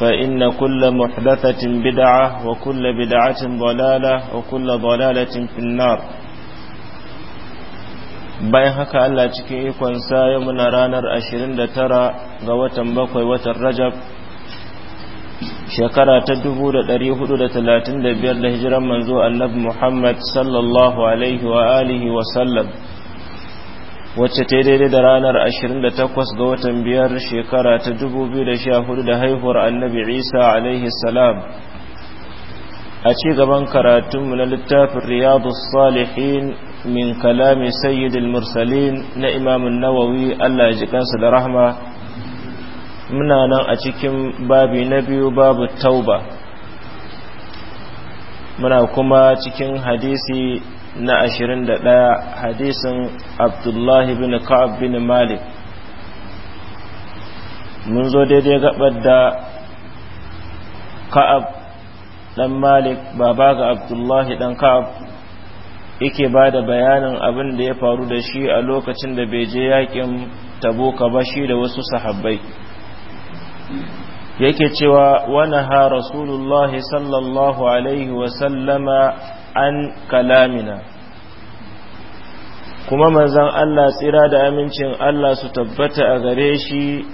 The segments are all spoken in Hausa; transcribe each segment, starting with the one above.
فإن كل محدثة بدعة وكل بدعة ضلالة وكل ضلالة في النار bayan haka Allah cikin ikonsa yau muna ranar 29 ga watan bakwai watan Rajab shekara ta 1435 da hijiran manzo Annabi Muhammad sallallahu alaihi wa alihi wa sallam wacce ta daidai da ranar 28 ga watan biyar shekara ta 2014 da haihuwar annabi isa alaihi salam a ci gaban karatunmu na littafin riyadu salihin min kalami sayyidul mursalin na imamun nawawi allah ya ji kansa da rahma muna nan a cikin babi na biyu babu tauba muna kuma cikin hadisi na ashirin da ɗaya hadisun abdullahi bin ka'ab bin malik mun zo daidai gabar da ka'ab ɗan malik baba ga abdullahi ɗan ka'ab yake ba da bayanin abin da ya faru da shi a lokacin da bai je yakin taboka ba shi da wasu sahabbai yake cewa wani ha rasulullahi sallallahu alaihi wasallama an kalamina kuma manzan Allah tsira da amincin Allah su tabbata a gare shi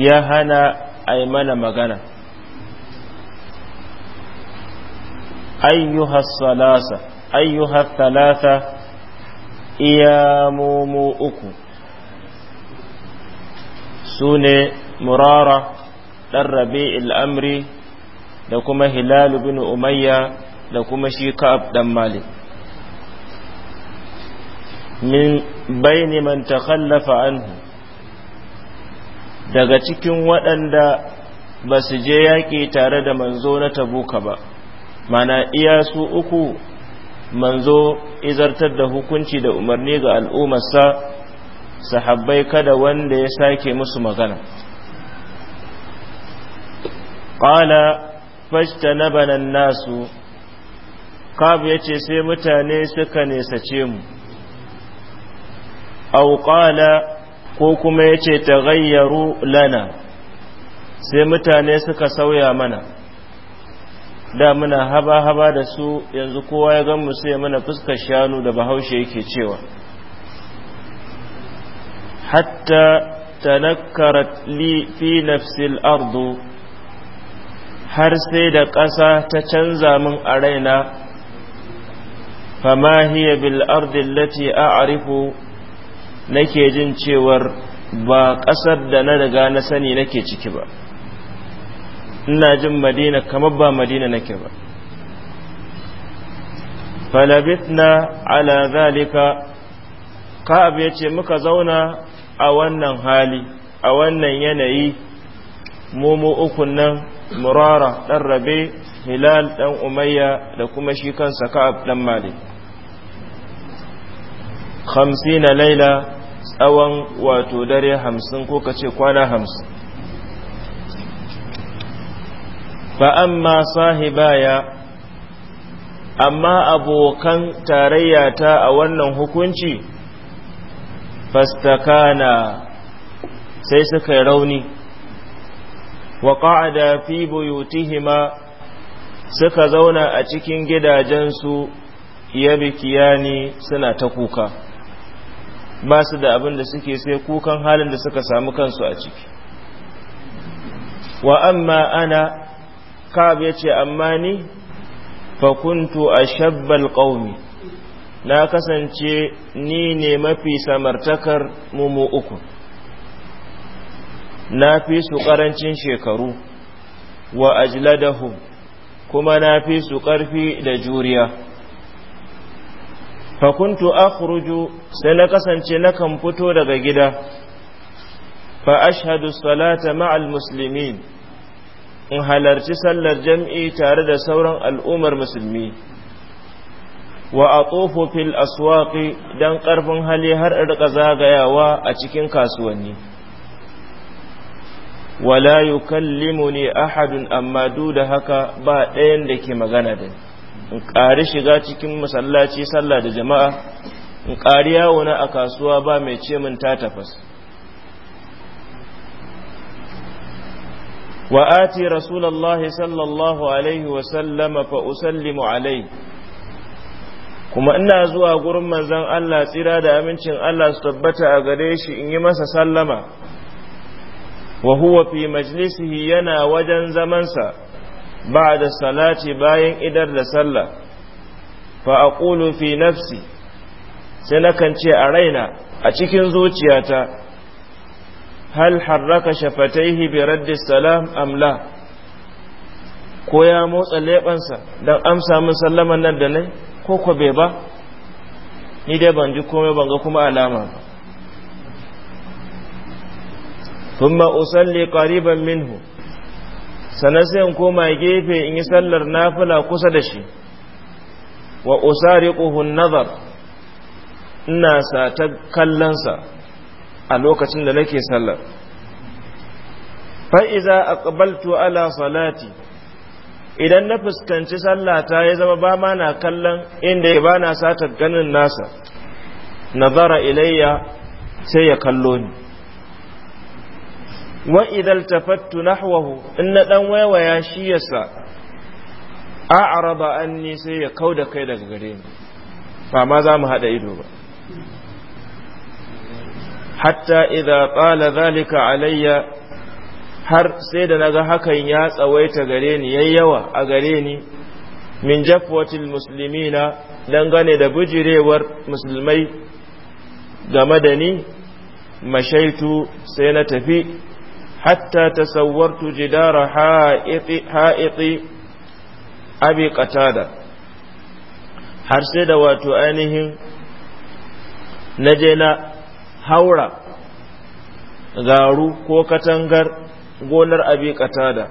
ya hana a mana magana ayyuhar talata mumu uku su ne murara ɗan rabe al'amri da kuma hilalu bin umayya da kuma shi ka'ab dan malik min baini man takhallafa anhu daga cikin waɗanda ba su je yaƙi tare da manzo na tabuka ba mana iya su uku manzo izartar da hukunci da umarni ga al'ummarsa sahabbai kada wanda ya sake musu magana ƙala fashta na banan nasu kab ya ce sai mutane suka nesace mu auƙala ko kuma ya ce ta lana sai mutane suka sauya mana da muna haba-haba da su yanzu kowa ya gan mu sai mana fuskar shanu da bahaushe yake cewa hatta tanakkarat li fi nafsil ardu har sai da ƙasa ta canza min a raina fama hiya bil ardi allati a'rifu nake jin cewar ba ƙasar da na riga na sani nake ciki ba ina jin madina kamar ba madina nake ba falabitna ala zalika ka'ab muka zauna a wannan hali a wannan yanayi mu ukun nan murara ɗan rabe hilal dan umayya da kuma shi kansa ka'ab dan malik na laila tsawon wato dare hamsin ko kace kwana hamsin fa amma sahibaya amma abokan tarayya ta a wannan hukunci fastakana sai suka rauni wa qa'ada fi buyutihima suka zauna a cikin gidajensu ya kiyani suna ta kuka ba su da abin da suke sai kukan halin da suka samu kansu a ciki wa amma ana kab ya ce amma ni fakuntu a shabbal ƙaumi na kasance ni ne mafi samartakar mumu uku na fi su ƙarancin shekaru wa ajladahum kuma na fi su ƙarfi da juriya fakuntu akhruju sai na kasance nakan fito daga gida fa ashhadu salata ma'al musulmi in halarci sallar jam'i tare da sauran al'ummar musulmi wa atufu fil aswaqi dan ƙarfin hali har rika zagayawa a cikin kasuwanni wala yukallimuni ahadun amma duk da haka ba ɗayan da ke magana da in ƙari shiga cikin masallaci sallah da jama'a in ƙari yawo na a kasuwa ba mai ce min ta tafas Wa ati rasulullahi sallallahu alaihi wa sallama fa usallimu alai? kuma ina zuwa gurin manzon Allah tsira da amincin Allah su tabbata a gare shi in yi masa sallama wa huwa fi majlisihi yana wajen zamansa ba'a da salati bayan idar da sallah fa aqulu fi nafsi sai nakan ce a raina a cikin zuciyata hal harraka shafataihi bi raddi salam amla ko ya motsa lebansa don amsa min sallaman nan da nai ko ko bai ba ni dai ban ji komai ban ga kuma alama ba thumma usalli qariban minhu sannan sai koma gefe in yi sallar nafila kusa da shi wa usariquhu nazar ina sata kallonsa a lokacin da nake sallar fa iza aqbaltu ala salati idan na fuskanci sallata ya zama ba ma na kallon inda ya ba na sata ganin nasa nazara ilayya sai ya kallo ni wa idal tafattu nahwahu in na dan waiwaya shi yasa a'raba ni sai ya da kai daga gare ni ba ma za mu hada ido ba hatta idza qala zalika alayya har sai da naga hakan ya tsawaita gare ni yayyawa a gare ni min jafwatil muslimina dangane da bujirewar musulmai game da ni mashaitu sai na tafi hatta tasawwartu jidara ha'iqi abi qatada har sai da wato ainihin na je na haura garu ko katangar gonar abi qatada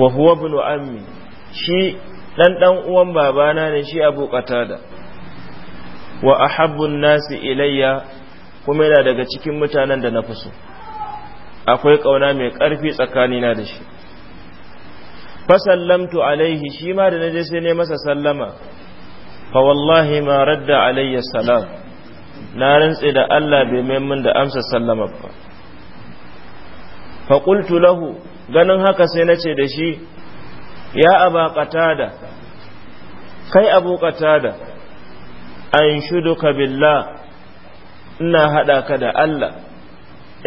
wa huwa ibnu ammi shi dan dan uwan babana ne shi abu qatada wa ahabbun nasi ilayya kuma yana daga cikin mutanen da na fi so akwai ƙauna mai ƙarfi tsakanina da shi fasallamtu alaihi shi ma da naje sai ne masa sallama fa wallahi ma radda alayya salam na rantse da Allah bai mai min da amsa sallama ba fa qultu lahu ganin haka sai nace da shi ya aba qatada kai abu qatada an shuduka billah ina hada ka da Allah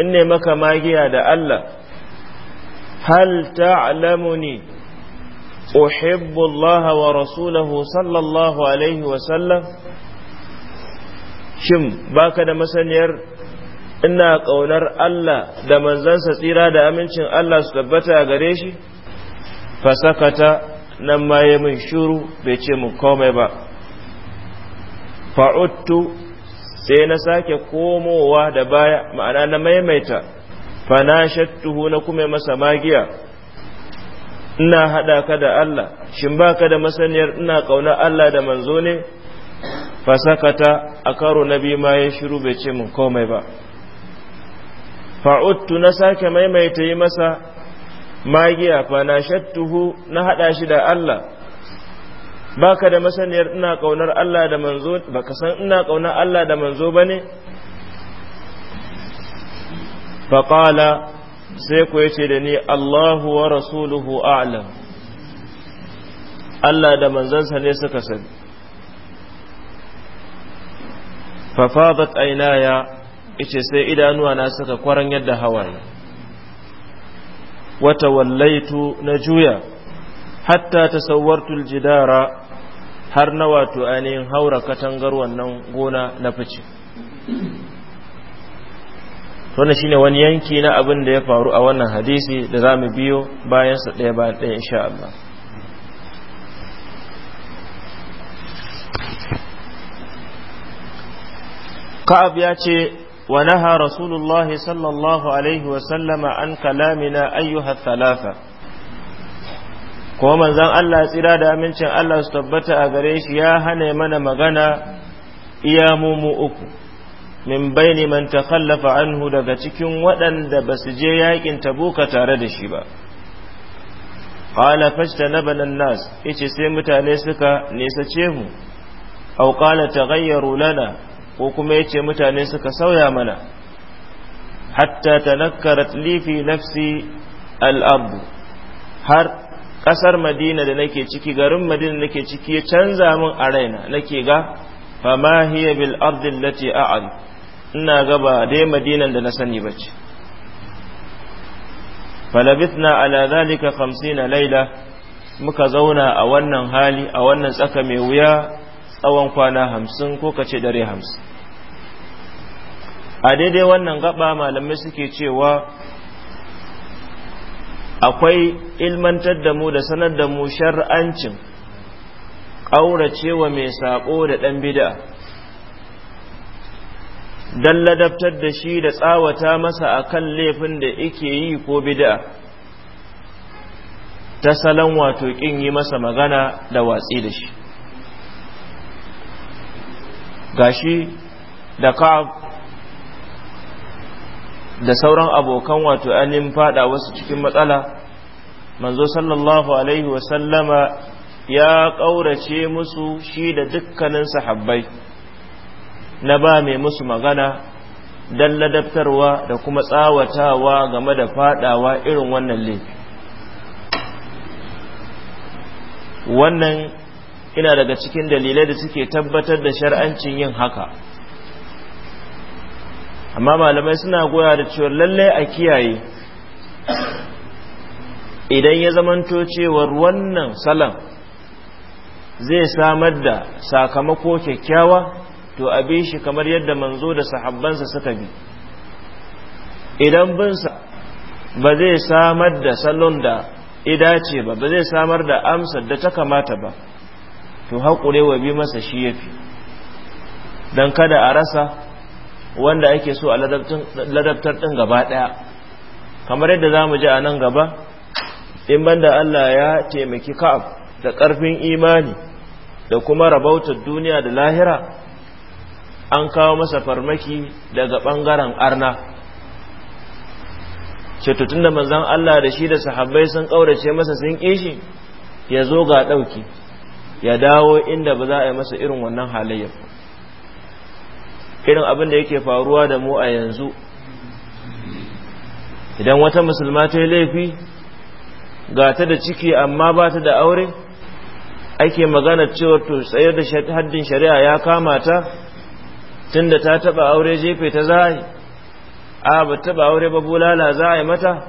in ne maka magiya da Allah hal ta'lamuni uhibbu Allah wa rasulahu sallallahu alaihi wa sallam shin baka da masaniyar ina ƙaunar Allah da manzansa tsira da amincin Allah su tabbata a gare shi fasakata nan ma ya min shuru bai ce mu komai ba fa'uttu sai na sake komowa da baya ma'ana na maimaita fana shattuhu na kuma masa magiya ina haɗa ka da Allah shin ba ka da masaniyar ina ƙaunar Allah da manzo ne fasakata a karo na biyu ma ya shiru bai ce mun komai ba fa'uttu na sake maimaita yi masa magiya fana shattuhu na haɗa shi da Allah baka da masaniyar ina kaunar Allah da manzo baka san ina kaunar Allah da manzo bane fa qala sai ku yace da ni Allahu wa rasuluhu a'lam Allah da sa ne suka sani fa fadat aynaya ice sai idanuwa na suka kwaran yadda hawaye wata wallaitu na juya hatta ta tasawwartul jidara har na wato ainihin haura katangar wannan gona na fice wannan shine wani yanki na abin da ya faru a wannan hadisi da za mu biyo bayan sa ɗaya bayan ɗaya insha Allah Ka'ab ya ce wa naha Rasulullahi sallallahu alaihi wa sallama an kalamina ayyuha thalatha kuma manzon Allah tsira da amincin Allah su tabbata a gare shi ya hana mana magana iya mumu uku min baini man takhallafa anhu daga cikin waɗanda ba su je ta tabuka tare da shi ba na banan nas ice sai mutane suka nisace mu ƙala ta taghayyaru lana ko kuma yace mutane suka sauya mana hatta ta nakarat lifi nafsi al'abu har ƙasar madina da nake ciki garin madina nake ciki ya canza min a raina nake ga fama hiya bil ardin lati a'ad ina ga ba dai madinan da na sani ba ce falabithna ala zalika 50 laila muka zauna a wannan hali a wannan tsaka mai wuya tsawon kwana hamsin ko kace dare hamsin a daidai wannan gaba malamai suke cewa akwai ilmantar da mu da sanar da mu shar'ancin ƙauracewa mai saƙo da ɗan bida don ladabtar da shi da tsawata masa a kan laifin da ike yi ko bida ta salon wato ƙin yi masa magana da watsi da shi gashi da ka. da sauran abokan wato anin fada wasu cikin matsala manzo sallallahu alaihi wasallama ya ƙaurace musu shi da dukkanin sahabbai na ba mai musu magana don ladabtarwa da kuma tsawatawa game da fadawa irin wannan le. wannan ina daga cikin dalilai da suke tabbatar da shar'ancin yin haka amma malamai suna goya da cewa lallai a kiyaye idan ya zamanto cewar wannan salon zai samar da sakamako kyakkyawa to a shi kamar yadda manzo da sahabbansa suka bi idan binsa ba zai samar da salon da ce ba ba zai samar da amsa da ta kamata ba to haƙure wa bi masa shi ya fi don kada a rasa wanda ake so a ladabtar ɗin gaba ɗaya kamar yadda za mu ji a nan gaba in banda Allah ya taimaki ka'ab da ƙarfin imani da kuma rabautar duniya da lahira an kawo masa farmaki daga ɓangaren arna cetutun da manzan Allah da shi da sahabbai sun ƙaurace masa sun ƙishi ya zo ga ɗauki ya dawo inda ba za a yi masa irin wannan halayyar irin abin da yake faruwa da mu a yanzu idan wata musulma ta yi laifi ga ta da ciki amma ba ta da aure ake magana cewa to tsayar da haddin shari'a ya kama ta tun da ta taba aure jefe ta za a ba taba aure ba bulala za a yi mata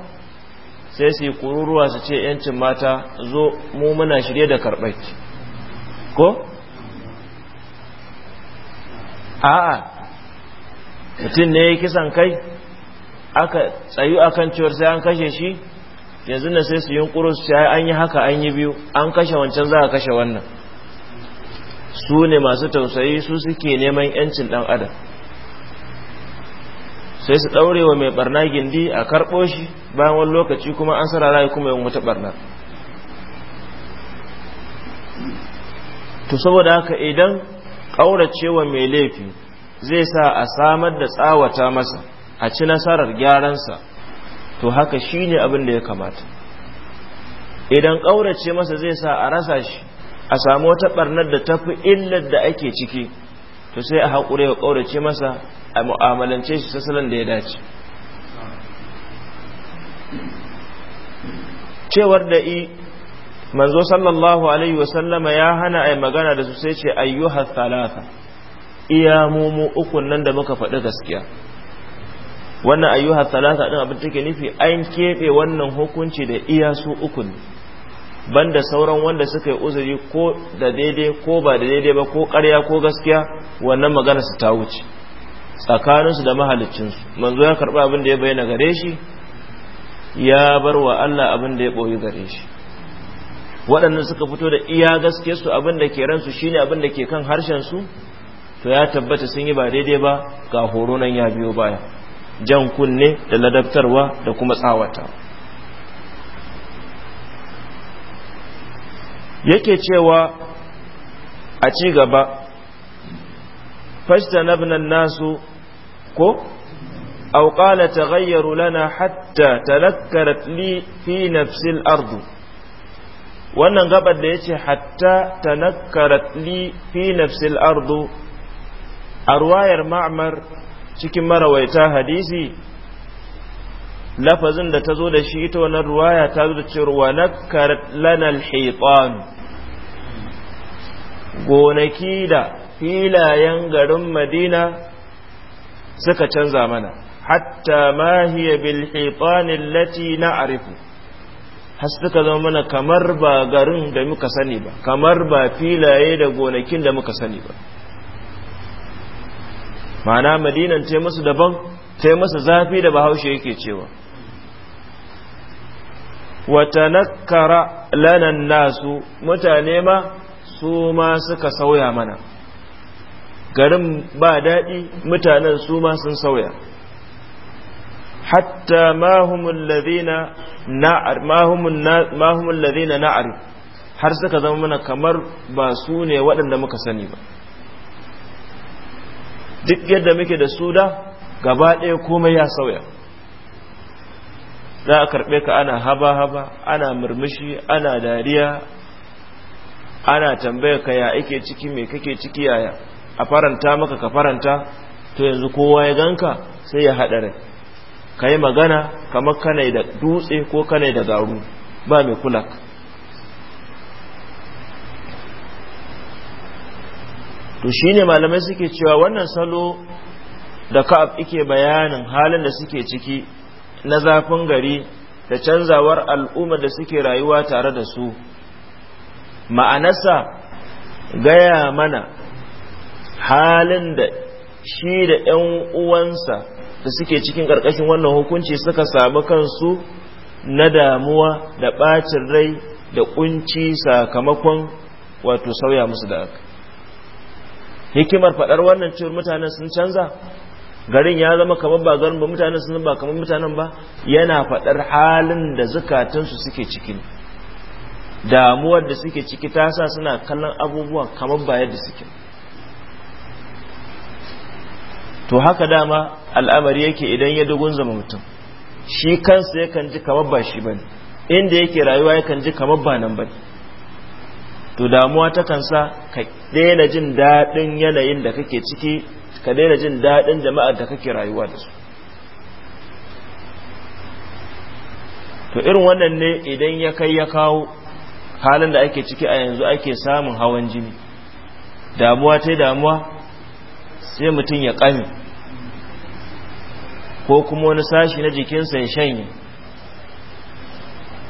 sai su yi kururuwa su ce yancin mata zo mu muna shirye da karɓar ko? a'a mutum ne ya kisan kai aka tsayu a kan cewar sai an kashe shi yanzu na sai su yi kuro su sai an yi haka an yi biyu an kashe wancan za a kashe wannan su ne masu tausayi su suke neman yancin ɗan adam sai su daure wa mai barna gindi a karɓo shi bayan wani lokaci kuma an sarara ya kuma yin wata barna to saboda haka idan ƙauracewa mai laifi zai sa a samar da tsawata masa a ci nasarar gyaran sa to haka shi ne abin da ya kamata idan ƙaurace masa zai sa a rasa shi a samu wata ɓarnar da tafi illar da ake ciki to sai a haƙure ya ƙaurace masa a mu'amalance shi sassalan da ya dace cewar da i manzo sallallahu alaihi wasallama ya hana a magana da su sai ce ayyuhar talata iya mu ukun nan da muka faɗi gaskiya wannan ayyuha salasa din abin take nufi an keɓe wannan hukunci da iya su ukun banda sauran wanda suka yi uzuri ko da daidai ko ba da daidai ba ko ƙarya ko gaskiya wannan magana su ta wuce tsakaninsu da su manzo ya karɓi abin da ya bayyana gare shi ya bar wa Allah abin da ya boye gare shi waɗannan suka fito da iya gaskiyarsu abin da ke ransu shine abin da ke kan harshen su. to ya tabbata sun yi ba daidai ba ga horo nan ya biyo baya jan kunne da ladabtarwa da kuma tsawata yake cewa a ci gaba fashta nabnan nasu ko auƙala قال lana hatta حتى تذكرت لي fi nafsil ardu wannan gabar da yace ce hatta talakkarat li fi nafsil ardu a ruwayar ma'amar cikin marawaita hadisi lafazin da ta zo da shi ita wannan ruwaya ta zo da cewa na karlanar haifan gonaki da filayen garin madina suka canza mana hatta ma hiya bil lati na arifu har suka zama mana kamar ba garin da muka sani ba kamar ba filaye da gonakin da muka sani ba ma'ana madinan ta musu daban ce musu zafi da bahaushe yake cewa watanakkara lanan nasu mutane ma su ma suka sauya mana garin ba daɗi mutanen su ma sun sauya hatta mahumun lazina na'ar har suka zama mana kamar ba su ne waɗanda muka sani ba duk yadda muke da su da gaba ɗaya komai ya sauya za a karɓe ka ana haba-haba ana murmushi ana dariya ana tambaya ka ya ake ciki mai kake ciki yaya a faranta maka ka faranta to yanzu kowa ya ganka sai ya haɗa rai ka yi magana kamar kanai da dutse ko kanai da garu ba mai kulak to shi ne malamai suke cewa wannan salo da ka'ab ike bayanin halin da suke ciki na zafin gari da canzawar al'ummar da suke rayuwa tare da su ma'anarsa gaya mana halin da shi da ‘yan uwansa da suke cikin ƙarƙashin wannan hukunci suka samu kansu na damuwa da ɓacin rai da ƙunci sakamakon wato sauya musu da aka hikimar faɗar wannan cewar mutanen sun canza garin ya zama kamar ba garin ba mutanen sun ba kamar mutanen ba yana faɗar halin da zukatansu suke ciki damuwar da suke ciki ta sa suna kallon abubuwa kamar ba yadda suke to haka dama al'amari yake idan ya dugun zama mutum shi kansa yakan ji kamar ba shi ba inda yake rayuwa yakan ji kamar ba nan bane to damuwa takan sa ka daina jin daɗin yanayin da kake ciki ka daina jin daɗin jama'ar da kake rayuwa da su to irin wannan ne idan ya kai ya kawo halin da ake ciki a yanzu ake samun hawan jini damuwa ta damuwa sai mutum ya ƙame ko kuma wani sashi na jikinsa ya shanye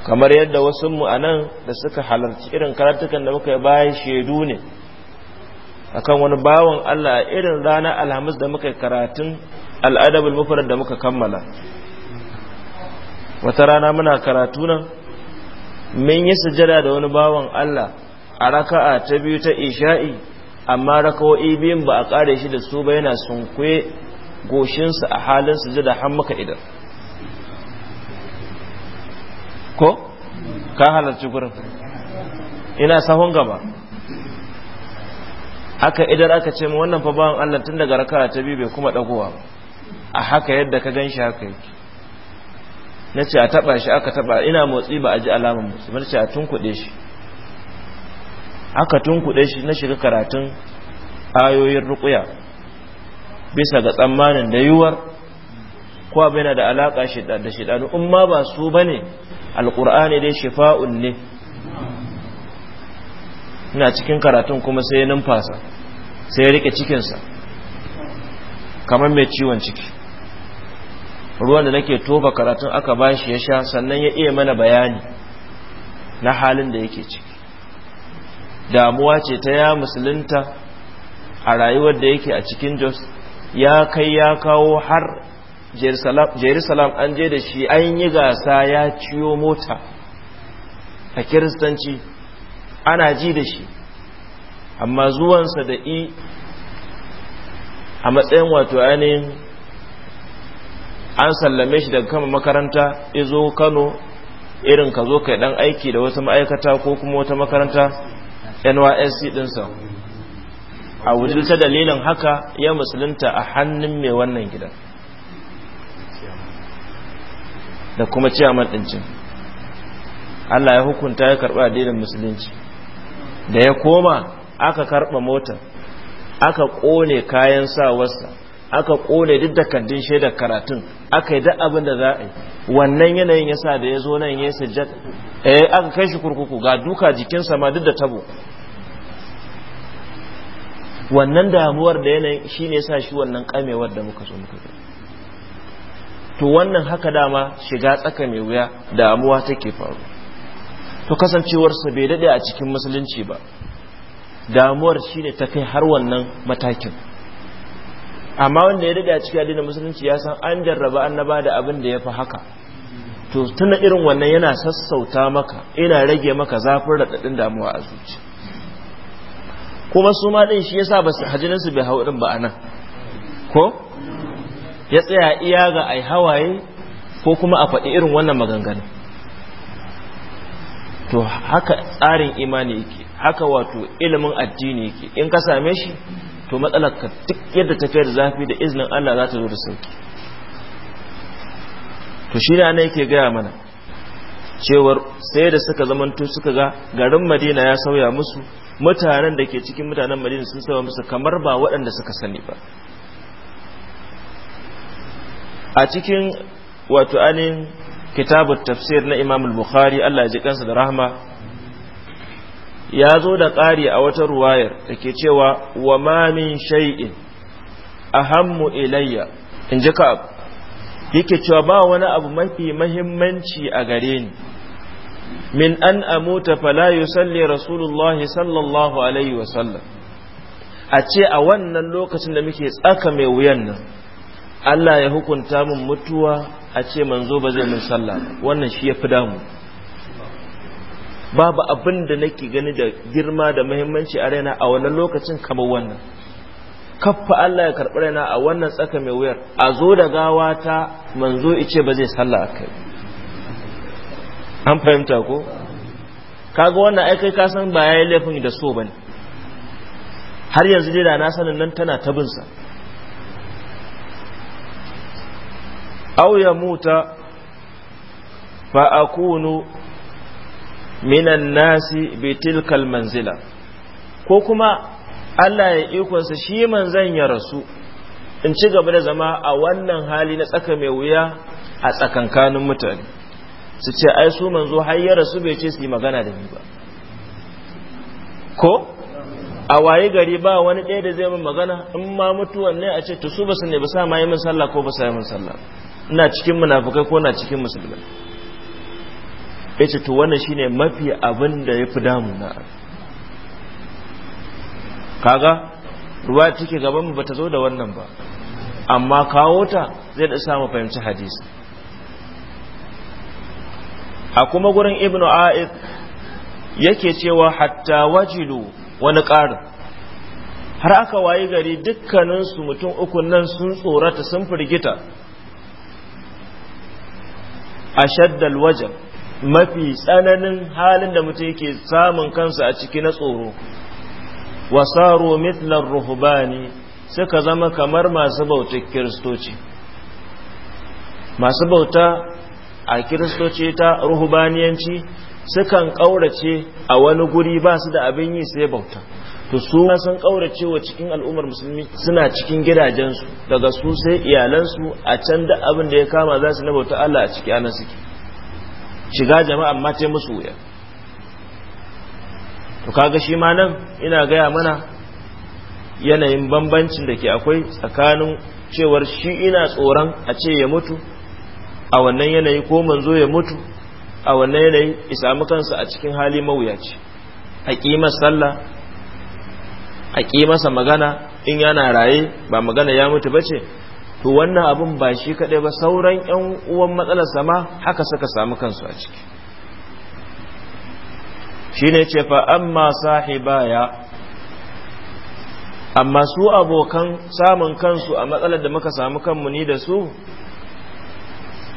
kamar yadda wasu mu nan da suka halarci irin karatukan da muka bayan shaidu ne akan wani bawan Allah irin rana alhamis da muka karatun al'adabul mufarar da muka kammala wata rana muna karatu nan min yi sujada da wani bawan Allah a raka'a ta biyu ta isha'i amma raka'o'i biyun ba a kare shi da su ba yana sunkwe goshinsu a halin sujada har muka idan ko ka halarci gurin ina sahun gaba aka idar aka ce mu wannan fa bawan Allah tun daga raka ta biyu bai kuma dagowa a haka yadda ka ganshi haka yake nace a taba shi aka taba ina motsi ba a ji alamar motsi ba nace a tunkuɗe shi aka tunkuɗe shi na shiga karatun ayoyin ruqya bisa ga tsammanin da yuwar ko yana da alaƙa da shidanu in ma ba su bane alqur'ani dai shifa'un ne ina cikin karatun kuma sai ya numfasa sai ya rike cikinsa kamar mai ciwon ciki ruwan da nake tofa karatun aka bashi ya sha sannan ya iya mana bayani na halin da yake ciki damuwa ce ta ya musulunta a rayuwar da yake a cikin jos ya kai ya kawo har jerusalem an je da shi an yi gasa ya ciyo mota a kiristanci ana ji da shi amma zuwansa da i a matsayin wato ainihin an sallame shi daga kama makaranta izo kano irin ka zo kai dan aiki da wata ma'aikata ko kuma wata makaranta nysc dinsa a wujilta dalilin haka ya musulunta a hannun mai wannan gidan da kuma ciya ɗincin Allah ya hukunta ya karɓi addinin musulunci da ya koma aka karɓa motar aka ƙone kayan sawarsa aka ƙone duk da kandin shaidar karatun aka yi duk abin da za a yi wannan yanayin ya sa da ya zo nan ya yi eh aka kai shi kurkuku ga duka jikinsa ma duk da tabo wannan damuwar da yanayin shi ne sa shi wannan kamewar da muka so muka to wannan haka dama shiga tsaka mai wuya damuwa take faru to kasancewarsa bai daɗe a cikin musulunci ba damuwar shi ne ta kai har wannan matakin amma wanda ya daɗe a cikin addinin musulunci ya san an jarraba annaba da abin da ya fi haka to tuna irin wannan yana sassauta maka ina rage maka zafin raɗaɗin damuwa a zuci kuma su ma ɗin shi yasa ba su bai hau ɗin ba a nan ko ya tsaya iya ga ai hawaye ko kuma a faɗi irin wannan maganganu to haka tsarin imani yake haka wato ilimin addini yake in ka same shi to matsalar ka duk yadda ta kai da zafi da iznin Allah za ta zo da sauki to shi ne ana yake gaya mana cewar sai da suka zamanto suka ga garin madina ya sauya musu mutanen da ke cikin mutanen madina sun sauya musu kamar ba waɗanda suka sani ba a cikin wato anin kitabut tafsir na imam al-bukhari Allah ya ji kansa da rahama ya zo da ƙari a wata ruwayar da ke cewa wa ma min shay'in ahammu ilayya in ji ka yake cewa ba wani abu mafi mahimmanci a gare ni min an amuta fala yusalli rasulullah sallallahu alaihi wasallam a ce a wannan lokacin da muke tsaka mai wuyan nan Allah ya hukunta min mutuwa a ce manzo ba zai mun sallah wannan shi ya fi damu babu abin da nake gani da girma da muhimmanci a raina a wannan lokacin kamar wannan kaffa Allah ya karɓi raina a wannan tsaka mai wuyar a zo da gawa ta manzo ice ba zai sallah kai an fahimta ko kaga wannan ai kai ka san ba yayi laifin da so bane har yanzu dai da na sanin nan tana ta binsa. aw ya muta fa akunu minan nasi bi tilkal manzila ko kuma Allah ya ikonsa shi manzan ya rasu in ci gaba da zama a wannan hali na tsaka mai wuya a tsakankanin mutane su ce ai su manzo har ya rasu bai ce su yi magana da ni ba ko a waye gari ba wani ɗaya da zai min magana in ma mutuwan ne a ce to su ba su ne ba sa ma yi min sallah ko ba sa yi min sallah na cikin munafukai ko na cikin musulmai ya ce to wannan shine mafi abin da ya fi damu na. kaga ruwa take gaban ba ta zo da wannan ba amma kawo ta zai da samu fahimci hadisi a kuma gurin ibnu a'id yake cewa hatta wajilu wani ƙarin har aka wayi gari dukkaninsu mutum uku nan sun tsorata sun firgita ashaddal wajen mafi tsananin halin da mutum yake samun kansa a ciki na tsoro wasaro mitlar ruhubani suka zama kamar masu bauta kiristoci masu bauta a kiristoci ta ruhubaniyanci sukan ƙaurace a wani guri ba su da abin yi sai bauta to su sun kaura cewa cikin al'ummar musulmi suna cikin gidajensu daga su sai iyalansu a can da abin da ya kama za su na bauta Allah a ciki anan suke shiga jama'a ma ta musu wuya to kaga shi ma nan ina gaya mana yanayin bambancin da ke akwai tsakanin cewar shi ina tsoron a ce ya mutu a wannan yanayi ko manzo ya mutu a wannan yanayi isa kansa a cikin hali mawuyaci a kimar sallah a ƙi masa magana in yana raye ba magana ya mutu ba ce to wannan abin ba shi kaɗai ba sauran 'yan uwan matsalar sama haka suka samu kansu a ciki shi ne ce fa amma sahibaya amma su abokan samun kansu a matsalar da muka samu kanmu ni da su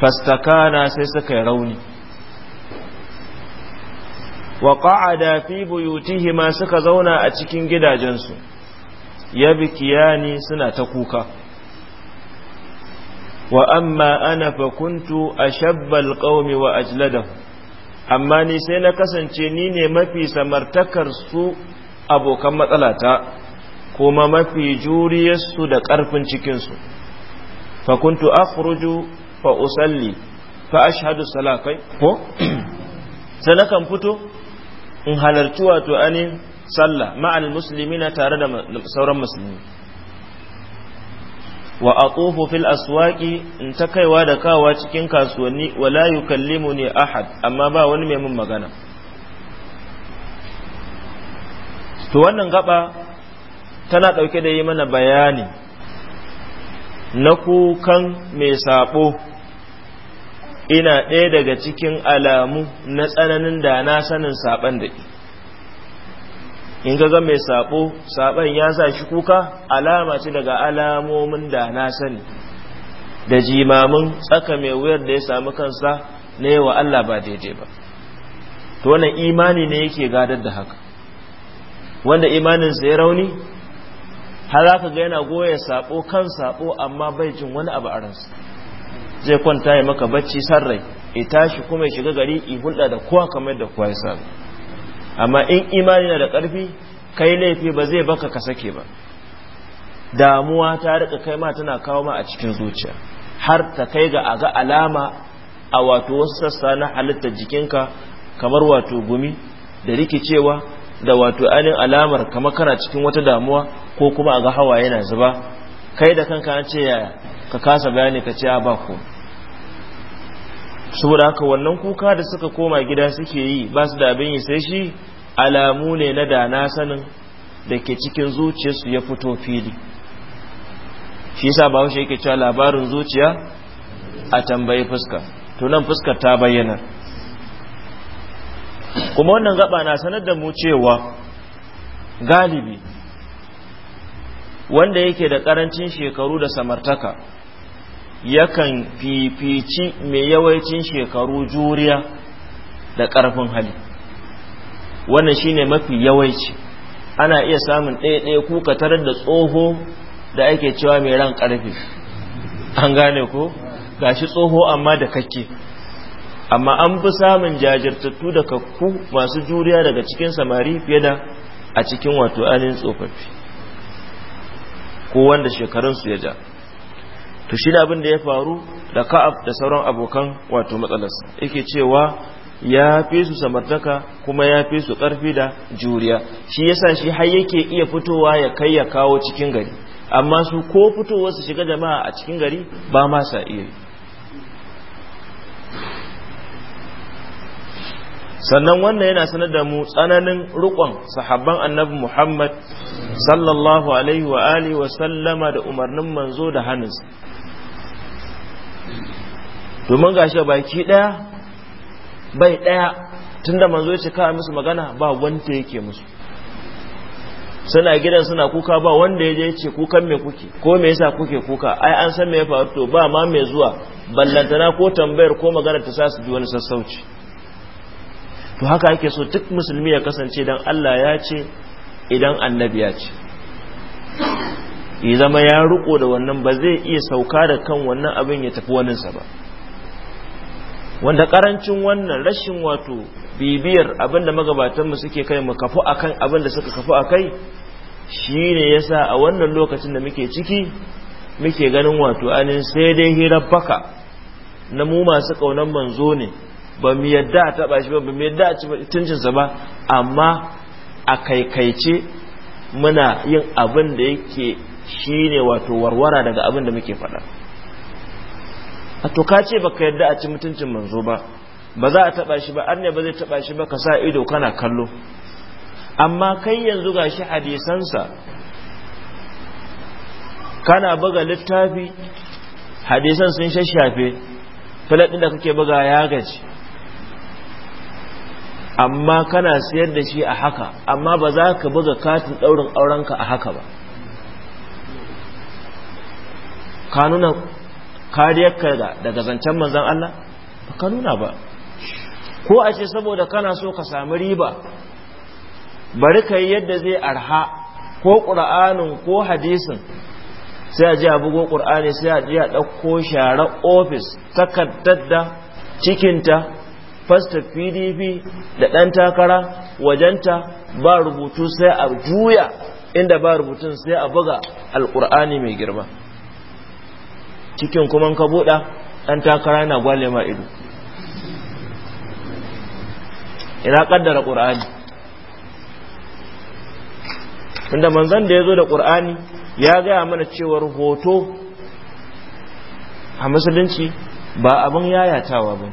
fastakana sai suka yi rauni wa qa'ada fi buyutihima suka zauna a cikin gidajensu yabkiyani suna ta kuka wa amma ana fa kuntu ashabbal qaumi wa ajladahu amma ni sai na kasance ni ne mafi samartakar su abokan matsalata kuma mafi juriyarsu da ƙarfin cikinsu fa kuntu akhruju fa usalli fa ashhadu salafai ko sai na kan fito in halarci wato Ani sallah ma'al musulmi na tare da sauran musulmi wa a fil aswaqi in ta kaiwa da kawa cikin kasuwanni wala ne ahad amma ba wani mai mun magana to wannan gaba tana dauke da yi mana bayani na kukan mai saɓo. ina ɗaya daga cikin alamu na tsananin da na sanin saɓan da in ga mai saɓo saɓan ya sa shi kuka alama ce daga alamomin da na sani da jimamin tsaka mai wuyar da ya samu kansa na yawa Allah ba daidai ba to wannan imani ne yake gadar da haka wanda imaninsa ya rauni har za ga yana goya saɓo kan saɓo amma bai jin wani abu a ransa zai kwanta ya maka bacci sarrai ya tashi kuma ya shiga gari ya hulɗa da kowa kamar da kowa ya samu amma in imani na da ƙarfi kai laifi ba zai baka ka sake ba damuwa ta rika kai ma tana kawo ma a cikin zuciya har ta kai ga aga alama a wato wasu sassa na halittar jikinka kamar wato gumi da rikicewa da wato anin alamar kamar kana cikin wata damuwa ko kuma a ga hawa yana zuba kai da kanka ce yaya ka kasa bayani ka ce ah, ba ku. saboda haka wannan kuka da suka koma gida suke yi ba su da abin yi sai shi alamu ne na da na sanin da ke cikin zuciyarsu ya fito fili shi yasa ba wuce yake cewa labarin zuciya a tambayi fuska to nan fuska ta bayyana kuma wannan gaba na sanar da mu cewa galibi wanda yake da karancin shekaru da samartaka yakan fifici mai yawancin shekaru juriya da ƙarfin hali wannan shine mafi yawanci ana iya samun ɗaya-ɗaya kuka tare da tsoho da ake cewa mai ran ƙarfi an gane ko gashi tsoho amma da kakke amma an fi samun jajirtattu da kakku masu juriya daga cikin samari fiye da a cikin wato anin tsofaffi ko wanda shekarunsu ya ja to shi abin da ya faru da ka'af da sauran abokan wato matsalarsa yake cewa ya fi su samartaka kuma ya fi su ƙarfi da juriya shi yasa shi har yake iya fitowa ya kai ya kawo cikin gari amma su ko fitowa su shiga jama'a a cikin gari ba ma sa iya sannan wannan yana sanar da mu tsananin rukon sahabban annabi Muhammad sallallahu alaihi wa alihi wa sallama da umarnin manzo da hannunsa domin gashi baki daya bai daya tunda manzo ya ce kawai musu magana ba wanda yake musu suna gidan suna kuka ba wanda ya je ce kukan me kuke ko me yasa kuke kuka ai an san me ya faru to ba ma mai zuwa ballantana ko tambayar ko magana ta sa su ji wani sassauci to haka ake so duk musulmi ya kasance dan Allah ya ce idan annabi ya ce yi zama ya riko da wannan ba zai iya sauka da kan wannan abin ya tafi waninsa ba wanda karancin wannan rashin wato bibiyar abin da magabatanmu suke kai mu kafu akan abin da suka kafu akai ya yasa a wannan lokacin da muke ciki muke ganin wato anin sai dai hirar baka na mu masu kaunan manzo ne ba mu yadda a taba shi ba ba mu yadda a ci mutuncinsa ba amma a kaikaice muna yin abin da yake shi ne wato warwara daga abin da muke faɗa a to ka ce baka yadda a ci mutuncin manzo ba ba za a taba shi ba ne ba zai taba shi ba ka sa ido kana kallo amma kai yanzu shi hadisansa kana buga littafi hadisan sun shashafe falaɗin da kake buga ya gaji amma kana siyar da shi a haka amma ba za ka buga katin ɗaurin aurenka a haka ba kanuna kariyar kariyarka daga zancen manzan Allah ba ka ba ko a ce saboda kana so ka sami riba bari ka yi yadda zai arha ko ƙura'anin ko hadisin sai a ji a bugo ƙura'ani sai a ji a ɗauko share ofis takardar da cikinta fasta pdp da ɗan takara wajenta ba rubutu sai a juya inda ba rubutun sai a buga alƙur'ani mai girma cikin kuma ka buɗa ɗan takara na gwale ma ido ina ƙaddara ƙur'ani inda manzan da ya zo da ƙur'ani ya gaya mana cewa hoto a musulunci ba abin yayatawa ba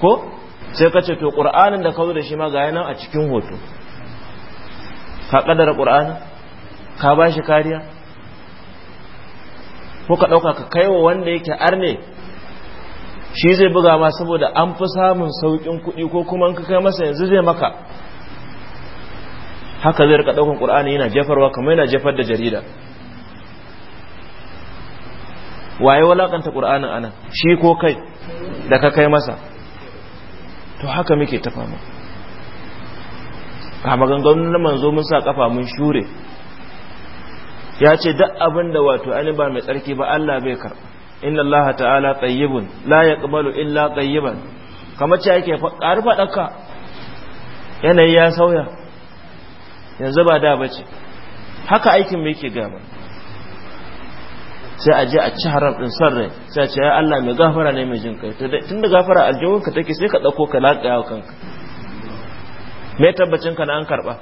ko sai ka ce to ƙur'anin da ka zo da shi ma ga yana a cikin hoto ka ƙadara ƙur'anin ka ba shi kariya ko ka ɗauka ka kaiwa wanda yake arne shi zai buga ma saboda an fi samun saukin kuɗi ko kuma ka kai masa yanzu zai maka haka zai rika ɗaukan ƙur'ani yana jefarwa kamar yana jefar da jarida waye walakanta ƙur'anin anan shi ko kai da ka kai masa to haka muke ta fama ga maganganun na manzo mun sa kafa mun shure ya ce duk abin da wato ani ba mai tsarki ba Allah bai karɓa inna Allah ta'ala tayyibun la yaqbalu illa tayyiban kamar ce yake ƙari faɗaka yanayi ya sauya yanzu ba da bace haka aikin mu yake gaba sai a je a ci haram din son rai sai a ce ya Allah mai gafara ne mai jin kai tun da gafara aljihunka take sai ka ɗauko ka laƙaya kanka me tabbacin ka na an karɓa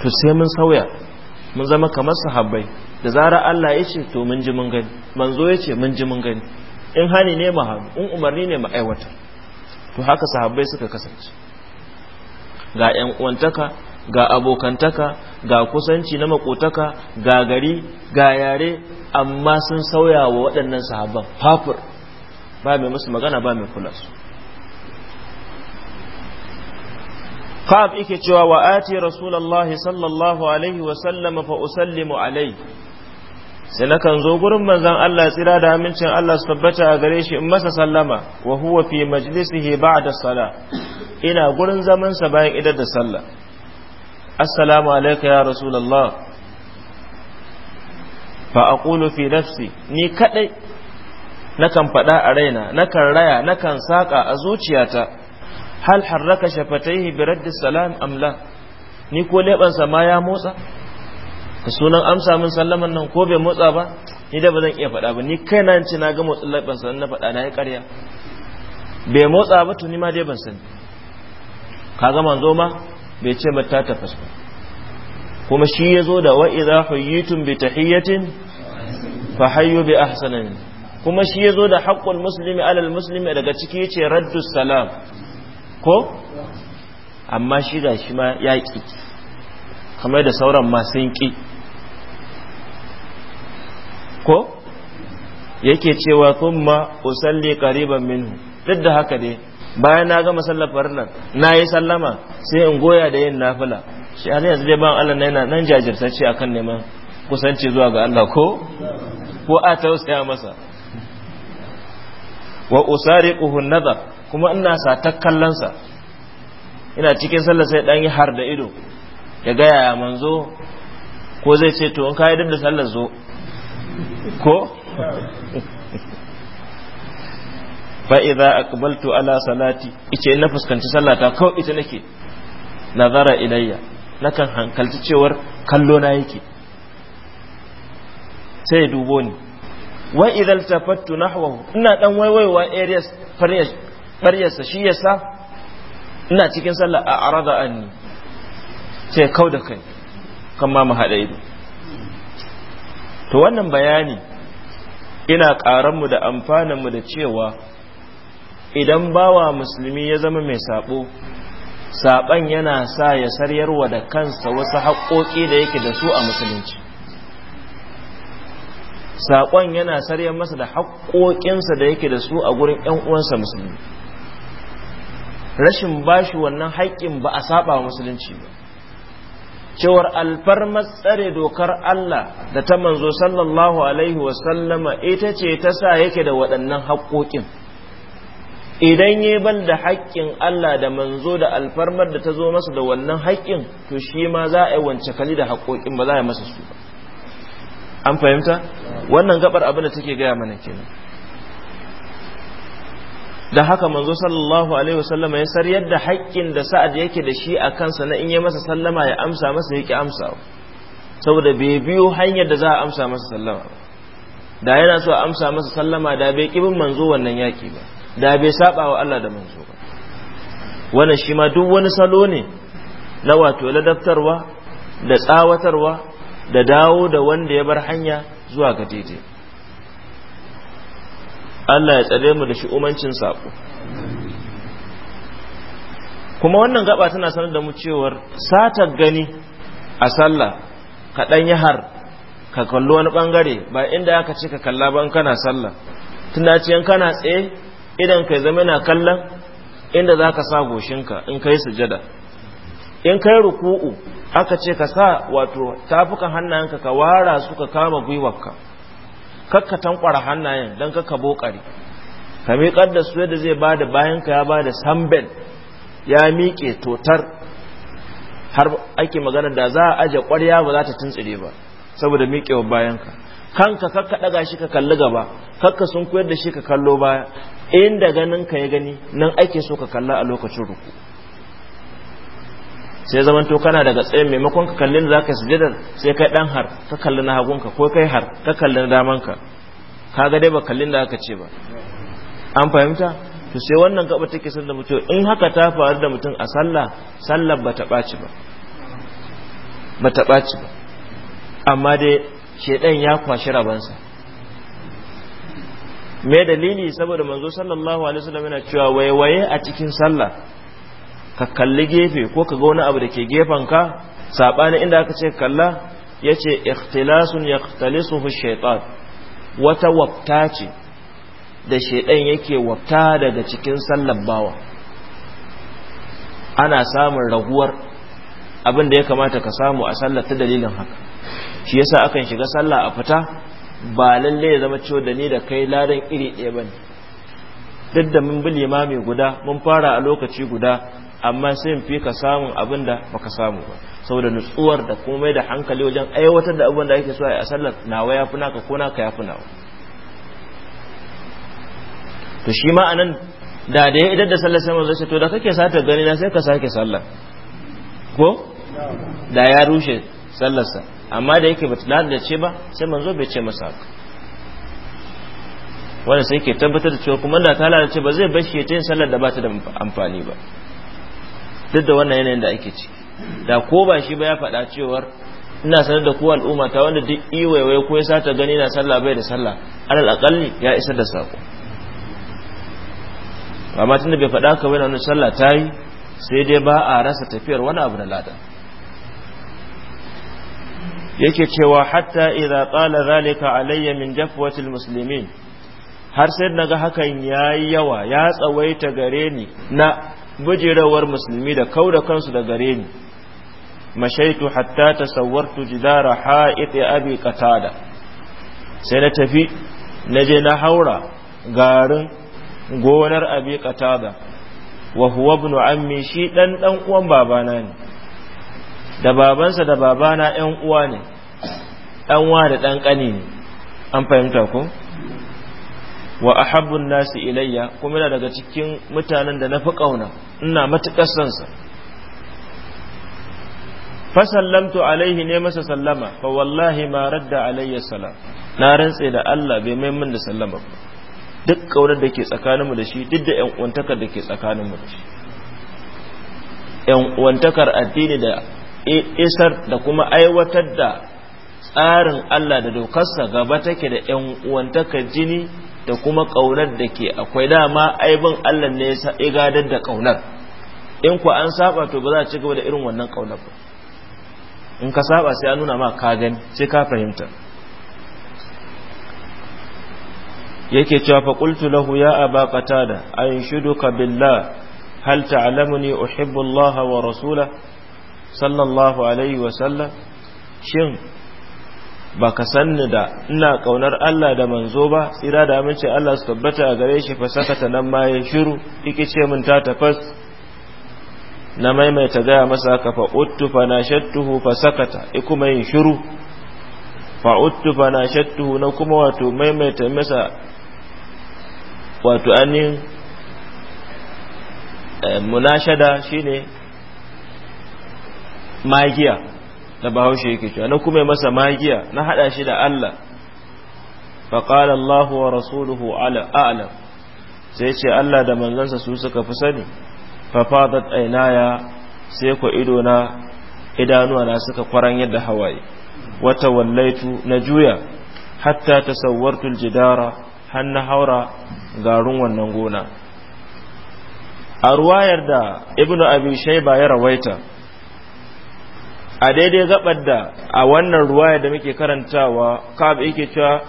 to sai mun sauya mun zama kamar sahabbai da zarar Allah ya ce to mun ji mun gani manzo ya ce mun ji mun gani in hani ne ma hannu in umarni ne mu aiwatar to haka sahabbai suka kasance ga 'yan uwantaka ga abokantaka ga kusanci na makotaka ga gari ga yare amma sun sauya wa waɗannan sahabban fafur ba mai musu magana ba mai kula su Ka'ab ike cewa wa ati rasulallah sallallahu alaihi wa sallama fa usallimu alai sai na kan zo gurin manzon Allah tsira da amincin Allah su tabbata a gare shi in masa sallama wa huwa fi majlisihi ba'da sala ina gurin zamansa bayan idar da sallah assalamu alaika ya rasulullah fa aqulu fi nafsi ni kadai nakan faɗa a raina nakan raya nakan saƙa a zuciyata hal haraka shafataihi bi raddi salam amla ni ko lebansa ma ya motsa da sunan amsa min sallaman nan ko bai motsa ba ni da ba zan iya faɗa ba ni kai na ci na ga motsin lebansa na faɗa na yi ƙarya bai motsa ba tuni ma dai ban sani kaga manzo ma bai ce ba ta tafas ba kuma shi ya zo da wa'iza huyitun bi tahiyyatin fa hayyu bi ahsanin kuma shi ya zo da haƙƙun musulmi alal musulmi daga ciki ce raddu salam ko amma shi ga shi ma ya ƙi kamar da sauran ma sun ƙi ko yake cewa kuma usalli qariban minhu duk da haka dai bayan na gama sallar farillar na yi sallama sai in goya da yin nafila shi har yanzu dai ban Allah yana nan jajirtacce akan neman kusanci zuwa ga Allah ko ko a tausaya masa wa usariquhu nazar kuma ina sa kallon ina cikin sallar sai dan yi har da ido ya ga ya manzo ko zai ce to in ka duk da sallar zo ko fa idza aqbaltu ala salati ice na fuskanci sallata kawai ita nake nazara ilayya nakan hankalci cewar kallo na yake sai ya dubo ni wa idza tafattu nahwahu ina dan waiwaiwa areas faryas shi yasa ina cikin sallah a arada anni sai kau da kai kan ma mu haɗa ido to wannan bayani ina ƙaranmu da mu da cewa idan bawa musulmi ya zama mai sabo saban yana sa ya saryarwa da kansa wasu haƙoƙi da yake da su a musulunci saƙon yana sarya masa da haƙoƙinsa da yake da su a gurin 'yan uwansa musulmi rashin bashi wannan haƙƙin ba a saba musulunci ba cewar alfarmar tsare dokar Allah da ta manzo sallallahu alaihi wasallama ita ce ta sa yake da waɗannan haƙoƙin idan ya ban da haƙƙin Allah da manzo da alfarmar da ta zo masa da wannan haƙƙin to shi ma za a yi wance kali da haƙoƙin ba za a yi masa su ba an fahimta wannan gabar abin da take gaya mana kenan da haka manzo sallallahu alaihi wasallam ya sar yadda haƙƙin da sa'ad yake da shi a kansa na in ya masa sallama ya amsa masa ya ki amsa saboda bai biyo hanyar da za a amsa masa sallama da yana so a amsa masa sallama da bai kibin manzo wannan yaƙi ba da bai saba wa Allah da manzo ba wannan shi ma duk wani salo ne na wato ladabtarwa da tsawatarwa da dawo da wanda ya bar hanya zuwa ga daidai Allah ya tsare mu da shi umancin sako kuma wannan gaba tana sanar da mu cewar satar gani a sallah kaɗan har ka kalli wani ɓangare ba inda aka ce ka kalla ban kana sallah tunda ce kana tsaye idan kai zama na kallon inda za ka sa goshinka in kai sujada in kai ruku'u aka ce ka sa wato tafukan hannayenka ka wara su ka kama gwiwarka kakka tankwara hannayen don kakka bokari ka miƙar da su yadda zai ba da bayanka ya ba da sambel ya miƙe totar har ake magana da za a aje ƙwarya ba za ta tuntsire ba saboda miƙewa bayanka kanka kakka ɗaga shi ka kalli gaba kakka sun koyar da shi ka kallo baya inda ganin ka ya gani nan ake so ka kalla a lokacin ruku sai zaman to kana daga tsayin maimakon ka kalli da zaka sujudar sai kai dan har ka kalli na hagunka ko kai har ka kalli na damanka kaga dai ba kallin da aka ce ba an fahimta to sai wannan gaba take sanda mutum in haka ta faru da mutum a sallah sallar ba ta ɓaci ba ba ta ɓaci ba amma dai shedan ya kwashi rabansa Mai dalili saboda manzo sallallahu alaihi wasallam yana cewa waiwaye a cikin sallah ka kalli gefe ko ka ga wani abu da ke gefen ka sabani inda aka ce kalla yace ikhtilasun yaqtalisuhu shaytan wata wafta ce da shaidan yake wafta daga cikin sallar bawa ana samun raguwar abin da ya kamata ka samu a sallar ta dalilin haka shi yasa akan shiga sallah a fita ba lalle ya zama cewa da ni da kai ladan iri ɗaya ba bane duk da mun bi limami guda mun fara a lokaci guda amma sai in fi ka samun abin da baka samu ba saboda nutsuwar da komai da hankali wajen aiwatar da abin da ake so a sallar nawa ya fi naka ko naka ya fi to shi ma anan da da ya idan da sallar sai mun to da kake sata gani na sai ka sake sallar ko da ya rushe sallarsa amma da yake bata lalace ba sai manzo bai ce masa haka wanda sai ke tabbatar da cewa kuma da ta lalace ba zai bashi ta yin sallar da bata da amfani ba duk da wannan yanayin da ake ci da ko ba shi ba ya faɗa cewar ina sanar da kowa al'umma ta wanda duk iwaiwai ko ya sata gani na sallah bai da sallah alal aqalli ya isar da sako amma tunda bai faɗa ka bai na wani sallah tayi sai dai ba a rasa tafiyar wani abu da lada yake cewa hatta idza qala zalika alayya min jafwati almuslimin har sai naga hakan yayi yawa ya tsawaita gare ni na bujirawar musulmi da kauda kansu da gare ni mashaitu hatta tasawwartu jidara ha'iti abi qatada sai na tafi na je na haura garin gonar abi qatada wa huwa ibn ammi shi dan dan uwan babana ne da babansa da babana ‘yan uwa ne ɗan wa da ɗan ƙani ne an fahimta ko wa habbin nasi ilayya kuma yana daga cikin mutanen da na fi ƙauna ina matuƙar sansa sallamtu alaihi ne masa sallama fa wallahi ma radda alayya salam na rantse da Allah bai mai min da sallama ba duk kaunar da ke tsakaninmu da shi duk da ƴan uwantakar da ke tsakaninmu da shi ƴan uwantakar addini da isar da kuma aiwatar da tsarin Allah da dokarsa gaba take da ‘yan uwantaka jini da kuma ƙaunar da ke akwai dama aibin Allah ne ya gadar da kaunar in ku an saba to ba za a ci gaba da irin wannan ƙaunar ba in ka saba sai an nuna ma ka gani sai ka fahimta yake cewa fa qultu lahu ya aba qatada ayinshuduka billah hal ta'lamuni uhibbu Allah wa rasulahu sallallahu alaihi wasallam shin ba ka sanni da ina kaunar Allah da manzo ba tsira da amince Allah su tabbata a gare shi fa sakata nan ma ya shiru iki ce min ta tafas na maimaita gaya masa haka fa uttu fa na shattuhu fa sakata i kuma yin shiru fa uttu fa na shattuhu na kuma wato maimaita masa wato anin eh, munashada shine magiya da bahaushe yake cewa na kuma masa magiya na hada shi da Allah qala Allahu wa rasuluhu ala a'lam sai ce Allah da manzansa su suka fi sani fa fadat aynaya sai ko ido na idanuwa na suka kwaran yadda hawaye wata wallaitu na juya hatta tasawwartu aljidara hanna haura garin wannan gona a ruwayar da ibnu abi shayba ya rawaita a daidai gabar da a wannan ruwaya da muke karantawa kab yake cewa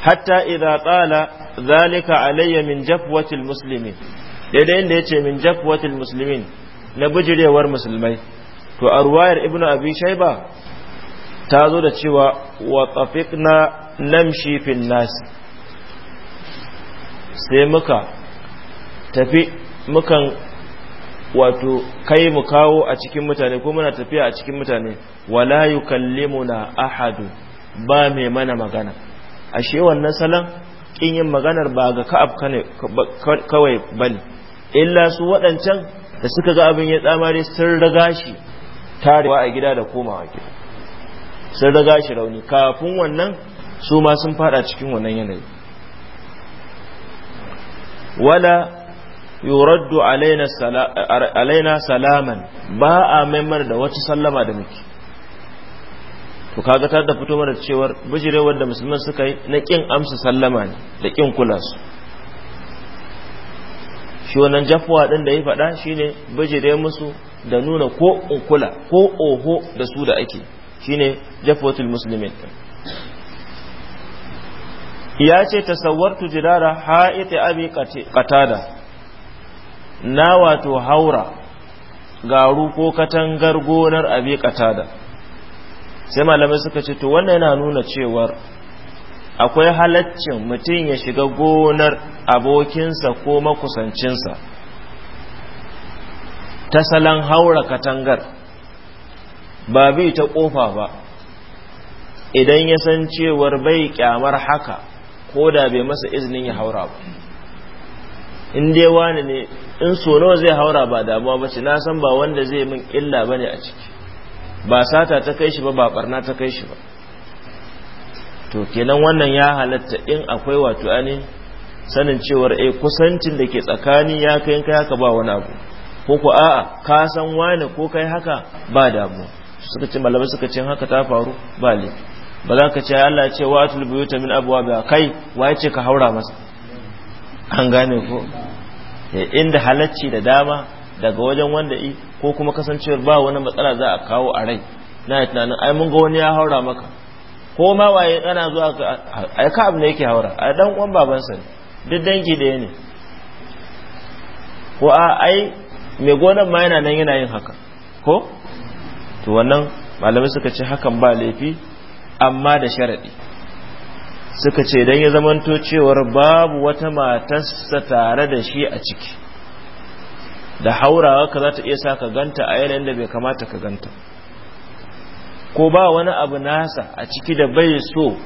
hatta idza qala zalika alayya min jafwatil muslimin daidai inda yace min jafwatil muslimin na bijirewar musulmai to a ruwayar ibnu abi shayba ta zo da cewa wa tafiqna namshi fil nas sai muka tafi mukan wato kai mu kawo a cikin mutane ko muna tafiya a cikin mutane wala yukallimuna ahadu ba mai mana magana ashe wannan salon kin yin maganar ba ga ka'ab kawai bane illa su wadancan da suka ga abin ya tsamare sun riga shi tarewa a gida da komawa gida sun riga shi rauni kafin wannan su ma sun fada cikin wannan yanayi wala yuraddu alaina salaman ba a maimar da wata sallama da muke to kaga ta da fito mara cewar bijirewar da musulman suka yi na kin amsa sallama ne da kin kula su shi wannan jafuwa din da ya faɗa shine bijire musu da nuna ko in kula ko oho da su da ake shine jafuwatul muslimin ya ce tasawwartu jirara ha'ita abi qatada na wato haura garu ko katangar gonar abi katada sai malamai suka ce to wannan yana nuna cewar akwai halaccin mutum ya shiga gonar abokinsa ko makusancinsa ta salon haura katangar ba bai ta kofa ba idan ya san cewar bai kyamar haka ko da bai masa izinin ya haura ba in dai wani ne in so nawa zai haura ba damuwa ba ce na san ba wanda zai min illa ba a ciki ba sata ta kai shi ba ba barna ta kai shi ba to kenan wannan ya halatta in akwai wato ainihin sanin cewar eh kusancin da ke tsakani ya kai kai haka ba wani abu ko ku a'a ka san wani ko kai haka ba damuwa suka ce malamai suka ce haka ta faru ba ne ba za ka ce Allah ce wa atul buyuta min abwa ba kai wa ce ka haura masa an gane ko Eh, inda halacci da dama daga wajen wanda yi ko kuma kasancewar ba wani matsala za a kawo a rai na tunanin ai mun ga wani ya haura maka ko ma waye ana zuwa ai ka abu ne yake haura a dan uwan babansa ne duk dangi da ne ko a ai mai gonan ma yana nan yana yin haka ko to wannan malamai suka ce hakan ba laifi amma da sharaɗi. suka ce dan ya zamanto cewar babu wata matarsa tare da shi a ciki da haurawa ka za ta iya sa ka ganta a yanayin da bai kamata ka ganta ko ba wani abu nasa a ciki da bai so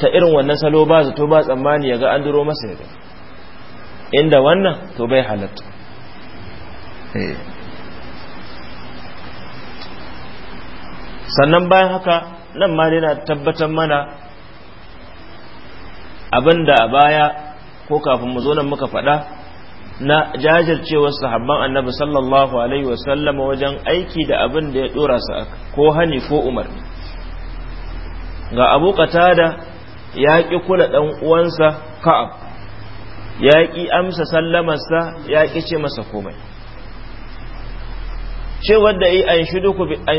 ta irin wannan salo ba zato ba tsammani ya ga an duro masa ya inda wannan to bai halatta eh. sannan bayan haka nan ma dai tabbatar mana abinda a baya ko kafin mu zo nan muka faɗa na jajircewar sahabban annabi sallallahu alaihi wasallam wajen aiki da abin da ya dora su aka ko hani ko umarni ga abu qatada ya ki kula dan uwansa ka'ab ya ki amsa sallamarsa ya ki ce masa komai ce wanda yi an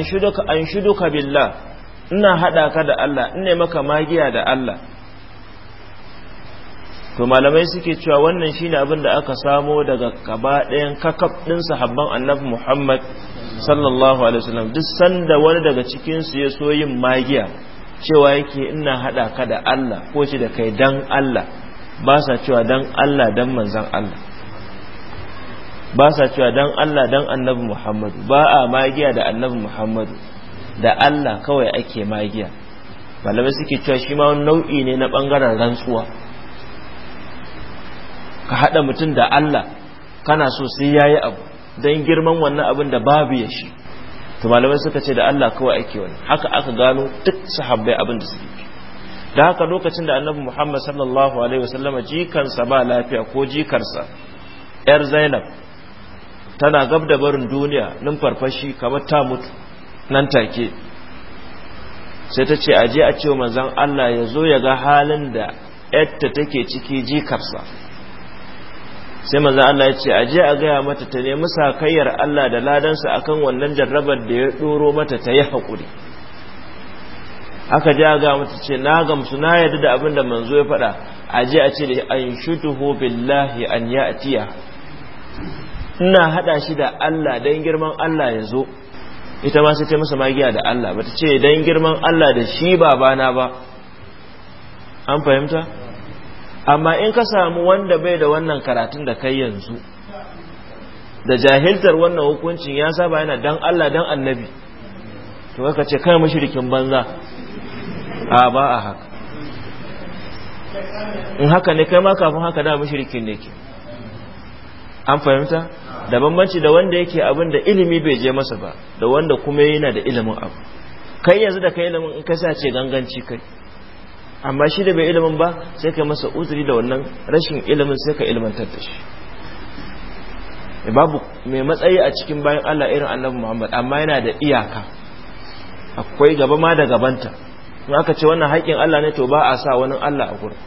shuduka an an billah ina hada ka da Allah ina maka magiya da Allah to malamai suke cewa wannan shine abin da aka samo daga gaba ɗayan kakaf ɗin sahabban annabi Muhammad sallallahu alaihi wasallam duk sanda wani daga cikin su ya so yin magiya cewa yake ina hada ka da Allah ko ce da kai dan Allah ba sa cewa dan Allah dan manzon Allah ba sa cewa dan Allah dan annabi Muhammad ba a magiya da annabi Muhammad da Allah kawai ake magiya malamai suke cewa shi ma wani nau'i ne na bangaren rantsuwa ka haɗa mutum da Allah kana so sai ya yi abu don girman wannan abin da babu ya shi to malamai suka ce da Allah kawai ake wani haka aka gano duk sahabbai abin da suke da haka lokacin da annabi Muhammad sallallahu alaihi wasallama jikansa ba lafiya ko jikarsa yar Zainab tana gab da barin duniya farfashi kamar ta mutu nan take sai ta ce aje a ce manzon Allah ya zo ya ga halin da yadda take ciki jikarsa sai maza Allah ya ce a je a gaya mata ta nemi sakayyar Allah da ladansa akan wannan jarrabar da ya ɗoro mata ta yi haƙuri aka je a gaya mata ce na gamsu na yadda da abin da manzo ya faɗa a je a ce da an shutuhu billahi an ya atiya ina haɗa shi da Allah don girman Allah ya zo ita ma sai ta masa magiya da Allah bata ce dan girman Allah da shi babana ba an fahimta amma in ka samu wanda bai da wannan karatun da kai yanzu da jahiltar wannan hukuncin ya saba yana dan Allah dan annabi to ka ce kai mushrikin banza a ba a haka in haka ne kai ma kafin haka da mushrikin ne ke an fahimta da bambanci da wanda yake abin da ilimi bai je masa ba da wanda kuma yana da ilimin abu kai yanzu da kai ilimin in ka sace ganganci kai amma shi da bai ilimin ba sai ka masa uzuri da wannan rashin ilimin sai ka ilimantar da shi e, babu mai matsayi a cikin bayan Allah irin annabi Muhammad amma yana da iyaka akwai gaba ma da gabanta in aka ce wannan haƙin Allah ne to ba a sa wani Allah a gurin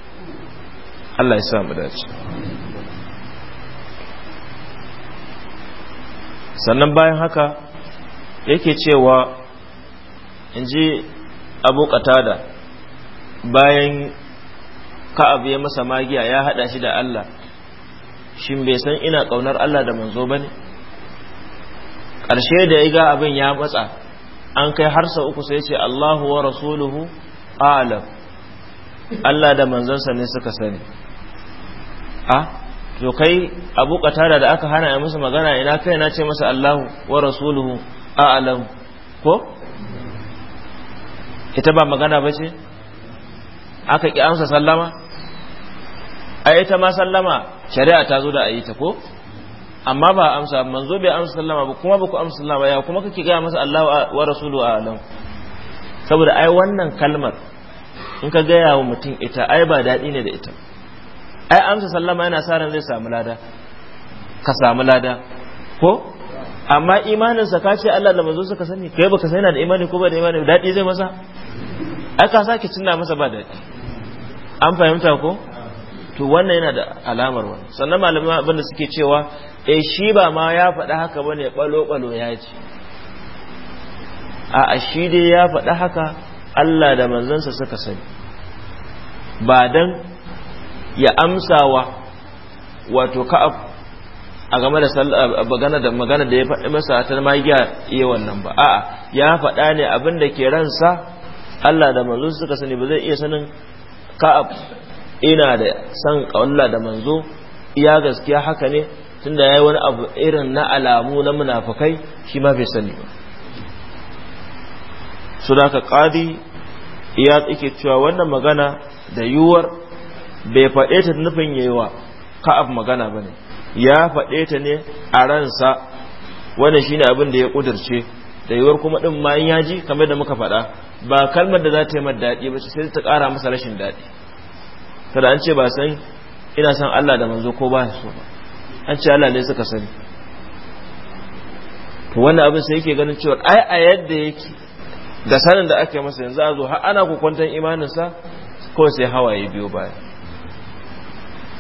Allah ya sa mu dace sannan bayan haka yake cewa in ji abu qatada bayan ka'ab ya masa magiya ya hada shi da Allah shin bai san ina kaunar Allah da manzo bane karshe da ya ga abin ya matsa an kai har sau uku sai ce Allahu wa rasuluhu alam Allah da manzansa ne suka sani a to kai abu katada da aka hana ya masa magana ina kai na ce masa Allahu wa rasuluhu alam ko ita ba magana ba ce aka ki amsa sallama ai ta ma sallama shari'a ta zo da ayi ta ko amma ba amsa manzo bai amsa sallama ba kuma ba ku amsa sallama ya kuma kake gaya masa Allah wa rasulu a alam saboda ai wannan kalmar in ka gaya wa mutum ita ai ba daɗi ne da ita ai amsa sallama yana sa ran zai samu lada ka samu lada ko amma imaninsa ka ce Allah da manzo suka sani kai baka sani na da imani ko ba da imani daɗi zai masa ai ka sake cinna masa ba daɗi an fahimta ko to wannan yana da alamar wani sannan malamai abinda suke cewa eh shi ba ma ya faɗi haka bane balo balo ya ce a shi dai ya faɗi haka Allah da manzansa suka sani ba dan ya amsa wa wato ka'af a game da magana da ya faɗi masa ta magiya iya wannan ba a'a ya faɗa ne abinda ke ransa Allah da manzon suka sani ba zai iya sanin ka'ab ina da san Allah da manzo iya gaskiya haka ne tunda yayi wani abu irin na alamu na munafikai shi ma bai sani ba su da ka qadi iya yake cewa wannan magana da yuwar bai faɗe ta nufin yayiwa ka'ab magana bane ya faɗe ta ne a ransa wannan shine abin da ya ƙudurce. da yiwuwar kuma ɗin ma in yaji kamar da muka faɗa ba kalmar da za ta yi mar daɗi ba sai ta ƙara masa rashin daɗi kada an ce ba san ina san Allah da manzo ko ba so ba an ce Allah ne suka sani to wannan abin sai yake ganin cewa ai a yadda yake da sanin da ake masa yanzu a zo har ana kokwanton imaninsa ko sai hawaye biyo baya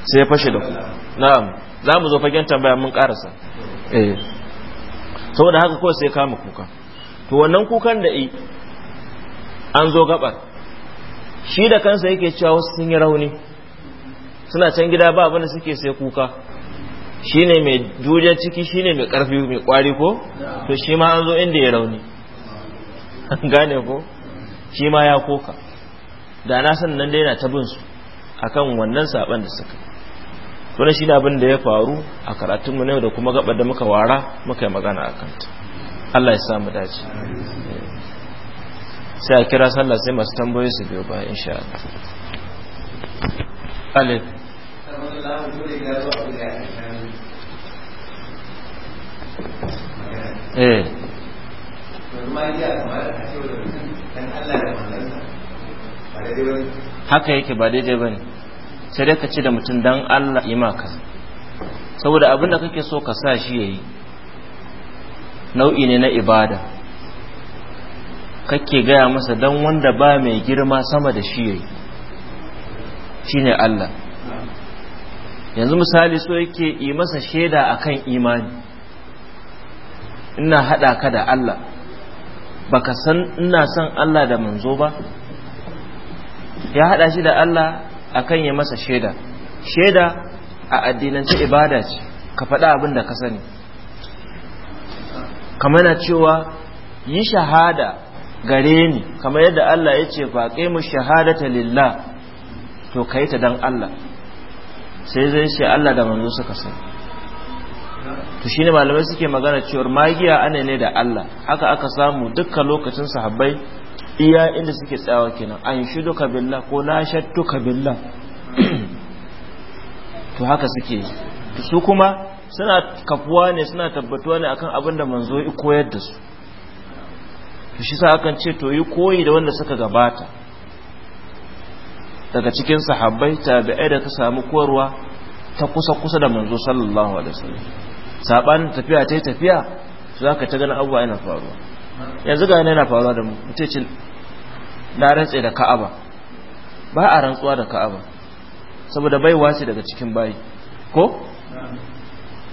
sai ya fashe da ku na'am za mu zo fagen tambaya mun karasa eh saboda haka ko sai kama kuka to wannan kukan da i an zo gabar shi da kansa yake cewa wasu sun yi rauni suna can gida ba abin da suke sai kuka shine mai juriya ciki shine mai karfi mai kwari ko to shi ma an zo inda ya rauni gane ko shi ma ya koka da na san nan yana ta bin su kan wannan saɓan da suka wannan shi abin da ya faru a karatunmu na ne da kuma gabar da muka wara muka yi magana a kanta Allah ya samu mu dace sai a kira sallah sai masu tambayoyi su biyo ba insha Allah eh. haka yake ba daidai ba ne sai dai ka ci da mutum dan Allah yi maka saboda abin da kake so ka sa shi yayi nau'i ne na ibada kake gaya masa don wanda ba mai girma sama da shi yi. Shi ne Allah yanzu misali so yake yi masa shaida a kan imani ina hada ka da Allah baka san ina son Allah da manzo ba ya haɗa shi da Allah akan ya masa shaida shaida a addinance ibada ce ka faɗa abin da ka sani kamar na cewa yi shahada gare ni kamar yadda Allah ya ce faƙe mu shahadata lillah to ka yi ta don Allah sai zai ce Allah da manzo suka san to shine malamai suke magana cewar magiya ana ne da Allah haka aka samu dukkan lokacin sahabbai iya inda suke tsayawa kenan an ka billah ko la ka billah to haka suke su kuma suna kafuwa ne suna tabbatuwa ne akan abin da manzo ya koyar da su to shi sa akan ce to yi koyi da wanda suka gabata daga cikin sahabbai tabi'ai da ta samu koyarwa ta kusa kusa da manzo sallallahu alaihi wasallam saban tafiya ta tafiya za ka ta gani abubuwa yana faruwa yanzu ga yana faruwa da mu ce na rantse da ka'aba ba a rantsuwa da ka'aba saboda bai wace daga cikin bayi ko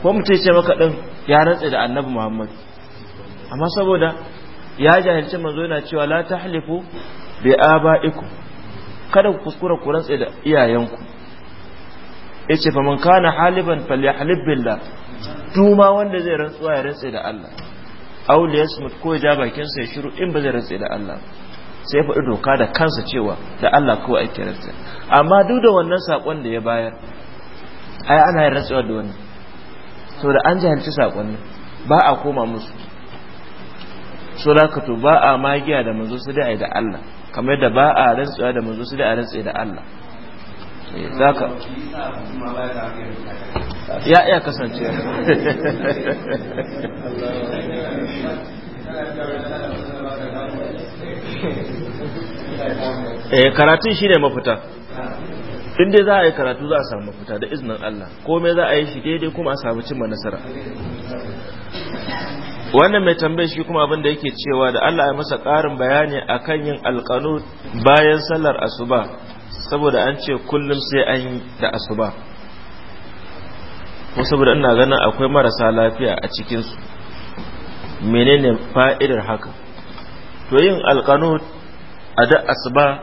ko mutum ce maka din ya rantse da annabi muhammad amma saboda ya jahilci manzo yana cewa la tahlifu bi abaikum kada ku kuskura ku rantsa da iyayenku yace fa man kana haliban falyahlib billah duma wanda zai rantsuwa ya rantsa da Allah aw yasmut ko ja bakin sa ya shiru in ba zai rantsa da Allah sai ya faɗi doka da kansa cewa da Allah ko ake rantsa amma duk da wannan sakon da ya bayar ai ana yin rantsuwa da wannan saboda an jahilci sakon ba a koma musu so da to ba a magiya da manzo su da da Allah kamar da ba a rantsuwa da manzo su da rantsuwa da Allah eh, zaka ya iya kasance eh karatu shi ne mafita in dai za a yi karatu za a samu mafita da iznin Allah komai za a yi shi daidai kuma a samu cimma nasara wannan mai tambayar shi kuma abin da yake cewa da Allah ya masa ƙarin bayani akan yin alƙanu bayan sallar asuba saboda an ce kullum sai an yi da asuba ko saboda ina ganin akwai marasa lafiya a cikinsu menene fa'idar haka to yin alƙanu a da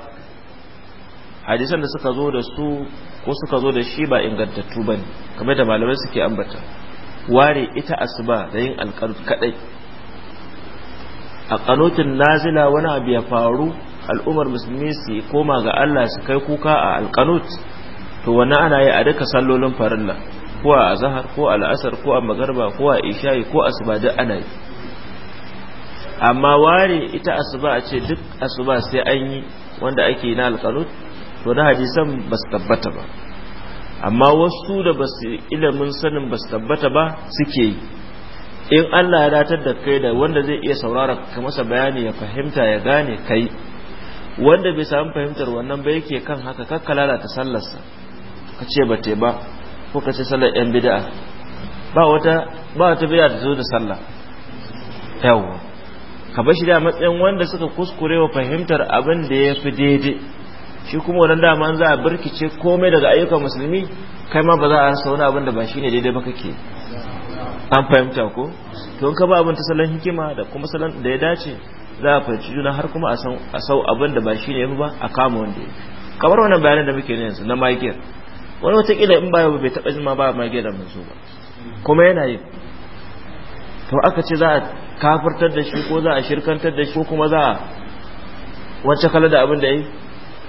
hadisan da suka zo da su ko suka zo da shi ba ingantattu ba ne kamar da malamai suke ambata ware ita asuba da yin alƙarf kadai a kanotin nazila wani abu ya faru al'ummar musulmi su koma ga Allah su kai kuka a alƙanut to wani ana yi a duka sallolin farilla ko a azahar ko a ko a magarba ko a isha'i ko asuba duk ana yi amma ware ita asuba a ce duk asuba sai an yi wanda ake na alkanut to na hadisan ba su tabbata ba amma wasu da basu ilimin sanin basu tabbata ba suke yi in Allah ya datar da kai da wanda zai iya saurara ka masa bayani ya fahimta ya gane kai wanda bai samu fahimtar wannan ba yake kan haka kakka lalata sallarsa ka ce ba te ba ko ka ce sallar yan bida'a ba wata ba wata bid'a da zo da sallah yawa ka bashi da matsayin wanda suka kuskure wa fahimtar abin da ya fi daidai shi kuma wannan dama an za a birkice komai daga ayyukan musulmi kai ma ba za a rasa wani abin da ba shine daidai ba kake an fahimta ko to in ka ba abin ta salon hikima da kuma salon da ya dace za a fahimci juna har kuma a sau abin da ba shine ba a kama wanda ya kamar wannan bayanan da muke yanzu na magiyar wani watakila in ba bai taɓa jima ba magiyar da manzo ba kuma yana yi to aka ce za a kafirtar da shi ko za a shirkantar da shi ko kuma za a wacce kala da abin da ya yi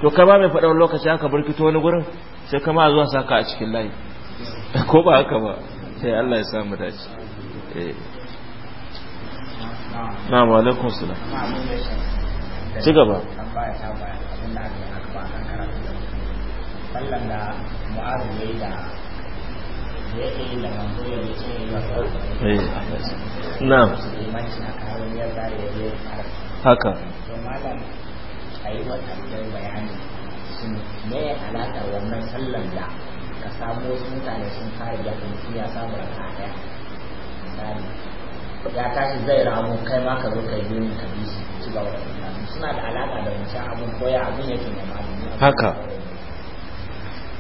to ka ba mai faɗa wani lokaci aka burkito wani gurin sai kama zuwa saka a cikin layi ko ba haka ba sai Allah ya samu dace eh. na wa alaikum salam ci gaba eh. na haka sai yi wa tafiyar bayani sun ne alaƙar wannan sallan da ka samu wasu mutane sun fara da mutum ya samu da ɗaya misali ya tashi zai ramu kai ma ka zo kai yi ka bi su ba wa suna da alaƙa da wancan abin koya abin yake da malami haka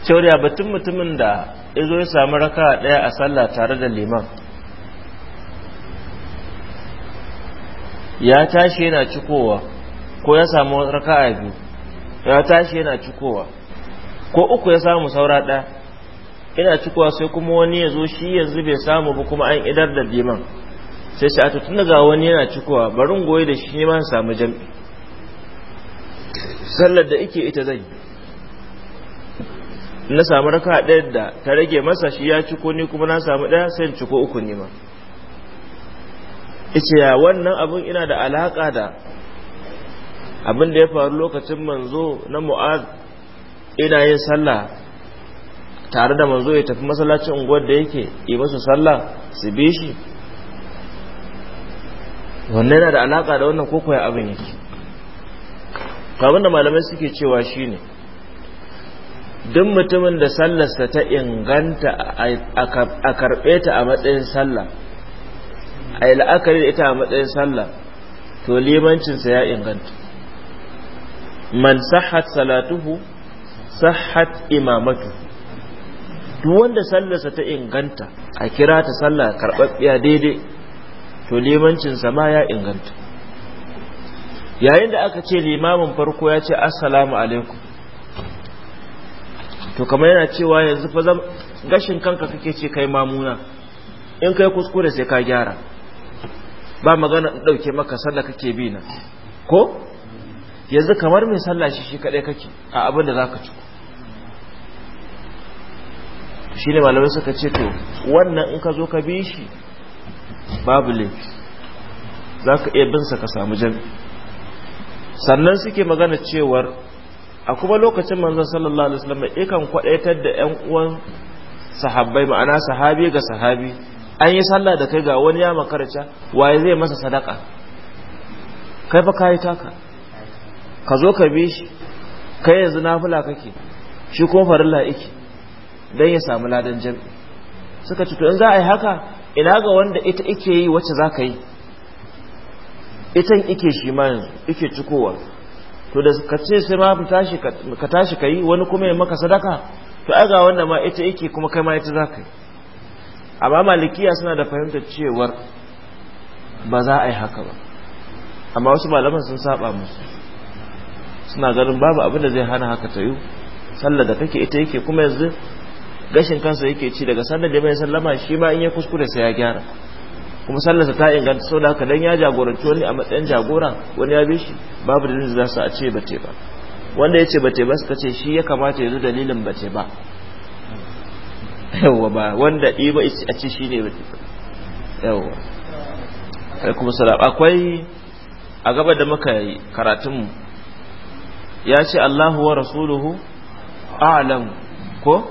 cewa batun mutumin da ya zo ya samu raka ɗaya a sallah tare da liman ya tashi yana cikowa ko ya samu raka'a biyu ya tashi yana cikowa ko uku ya samu saura ɗaya ina cikowa sai kuma wani ya zo shi yanzu bai samu ba kuma an idar da biman. sai shi a tutun daga wani yana cikowa barin goyi da shi ma samu jam'i sallar da ike ita zai na samu raka ɗaya da ta rage masa shi ya ciko ni kuma na samu ɗaya sai ciko uku ne ma ice ya wannan abun ina da alaƙa da abin da ya faru lokacin manzo na mu'az ina yin sallah tare da manzo ya tafi masallacin unguwar da yake yi masa sallah su bi shi wannan yana da alaka da wannan kokoya abin yake kamar da malamai suke cewa shine duk mutumin da sallarsa ta inganta a karɓe ta a matsayin sallah a yi la'akari da ita a matsayin sallah to limancinsa ya inganta man sahat salatuhu sahat imamatu duk wanda sallarsa ta inganta a kira ta sallah karɓaɓɓiya daidai to limancinsa ma ya inganta yayin da aka ce limamin farko ya ce assalamu alaikum to kamar yana cewa yanzu fa zan gashin kanka kake ce kai mamuna in kai kuskure sai ka gyara ba magana in ɗauke maka sallah kake bi na ko yanzu kamar mai sallah shi shi kadai kake a abin da zaka ci shi ne malamai suka ce to wannan in ka zo ka bi shi babu laifi za ka iya binsa ka samu jami sannan suke magana cewar a kuma lokacin manzan sallallahu alaihi wasallam ikan kwadaitar da yan uwan sahabbai ma'ana sahabi ga sahabi an yi sallah da kai ga wani ya makarci waye zai masa sadaka kai fa kai taka ka zo ka bi shi kai yanzu nafila kake shi kuma farilla yake don ya samu ladan jami suka ce to in za a yi haka ina ga wanda ita ike yi wacce za ka yi itan ike shi ma yanzu ike cikowa to da ka ce sai ma ka tashi ka yi wani kuma ya maka sadaka to ai ga wanda ma ita yake kuma kai ma ita za ka yi amma malikiya suna da fahimtar cewar ba za a yi haka ba amma wasu malaman sun saba musu suna ganin babu abin da zai hana haka ta yi sallar da kake ita yake kuma yanzu gashin kansa yake ci daga sallar da mai sallama shi ma in ya kuskure sai ya gyara kuma sallarsa ta inganta sau da haka dan ya jagoranci wani a matsayin jagora wani ya bi shi babu dalilin da za su a ce bace ba wanda ya ce bace ba suka ce shi ya kamata ya zo dalilin bace ba yawwa ba wanda iba a ce shi ne bace ba yawwa kuma salam akwai a gaba da muka yi karatunmu ya ce Allahu wa rasuluhu a'lam ko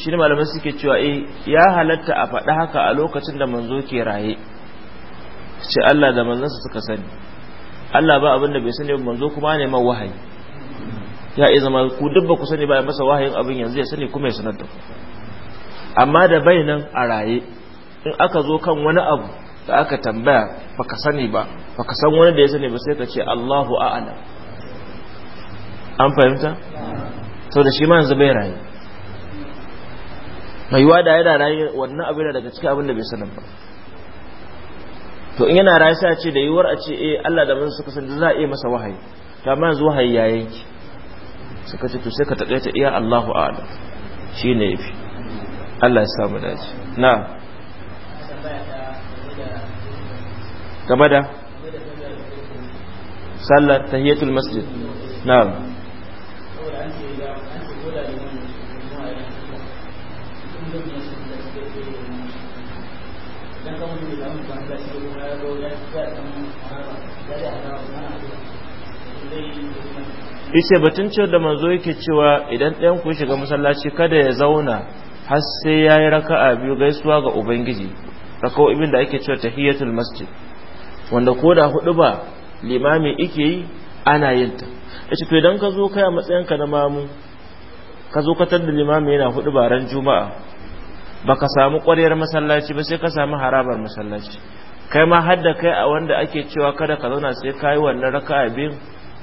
shi ne malamai suke cewa eh ya halatta a faɗi haka a lokacin da manzo ke raye ce Allah da sa suka sani Allah ba abin da bai sani manzo kuma ne ma wahayi ya iya zama ku duk ba ku sani ba ya masa wahayin abin yanzu ya sani kuma ya sanar da ku amma da bai nan a raye in aka zo kan wani abu da aka tambaya baka sani ba baka san wani da ya sani ba sai ka ce Allahu a'lam an fahimta sau da shi ma yanzu bai rayu rayuwa da yana rayu wannan abin da daga cikin abin da bai sanin ba to in yana rayu sai a ce da yiwuwar a ce eh Allah da mun suka san za a iya masa wahayi to amma yanzu wahayi ya yanki suka ce to sai ka ta iya Allahu a'lam shine yafi Allah ya samu dace na game da sallar tahiyatul masjid na'am ishe batun cewa da manzo yake cewa idan ɗayan ku shiga masallaci kada ya zauna har sai yayi raka'a biyu gaisuwa ga ubangiji rako ibin da ake cewa tahiyatul masjid wanda koda hudu ba limami yake yi ana yin ta ita to idan ka zo kai a matsayinka na mamu ka zo katar da limami yana hudu baran juma'a ba ka samu ƙwariyar masallaci ba sai ka samu harabar masallaci kai ma hadda kai a wanda ake cewa kada ka zauna sai ka yi wannan raka biyu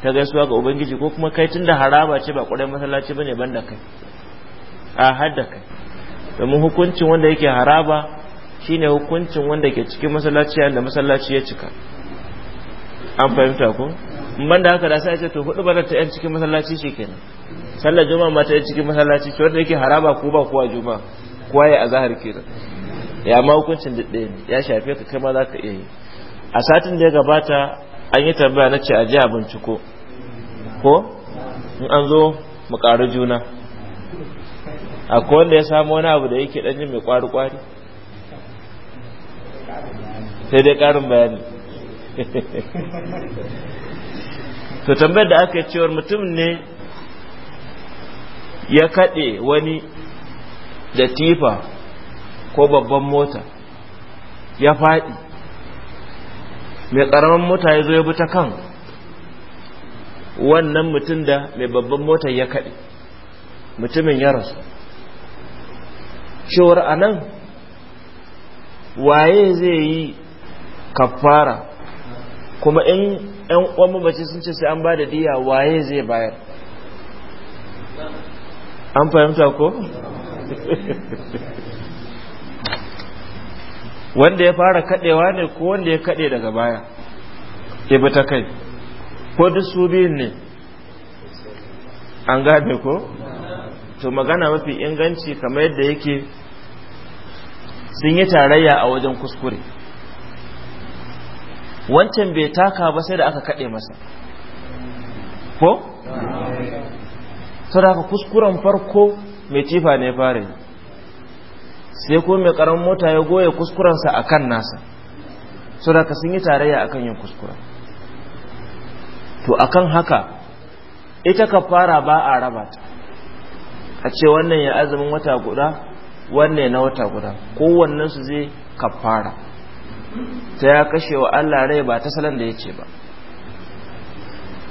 ta gaisuwa ga ubangiji ko kuma kai tunda haraba ce ba ƙwariyar masallaci ne ban da kai a hadda kai domin hukuncin wanda yake haraba shine hukuncin wanda ke cikin masallaci yadda masallaci ya cika an fahimta ko ban da haka da sai a ce to hudu ba ta yan cikin masallaci kenan sallar juma'a ma ta yi cikin masallaci ce wanda yake haraba ko ba kowa juma'a kowa ya azahar kenan ya ma hukuncin duk ɗaya ne ya shafe ka kai ma za ka iya yi a satin da ya gabata an yi tambaya na ce a ji a binciko ko in an zo mu ƙaru juna akwai wanda ya samu wani abu da yake ɗanjin mai ƙwari-ƙwari sai dai ƙarin bayani to tambayar da aka yi cewar mutum ne ya kaɗe wani da tifa ko babban mota ya faɗi mai ƙaramin mota ya zo ya bi ta kan wannan mutum da mai babban mota ya kaɗe mutumin ya rasu cewar a nan waye zai yi kafara kuma in 'yan uwan mabaci sun ce sai an ba da diya waye zai bayar an fahimta ko wanda ya fara kadewa ne ko wanda ya kade daga baya ya bi ta kai ko duk su biyun ne an gane ko to magana mafi inganci kamar yadda yake sun yi tarayya a wajen kuskure wancan bai taka ba sai da aka kade masa ko ka kuskuren farko mai cifa ne fara yi sai ko mai karamin mota ya goya kuskurensa a kan nasa ka sun yi tarayya akan yin kuskuren to akan haka ita ka fara ba a raba ta a ce wannan ya azumin wata guda wannan na wata guda kowannensu zai ka fara ta ya kashe wa Allah rai ba ta salon da ya ce ba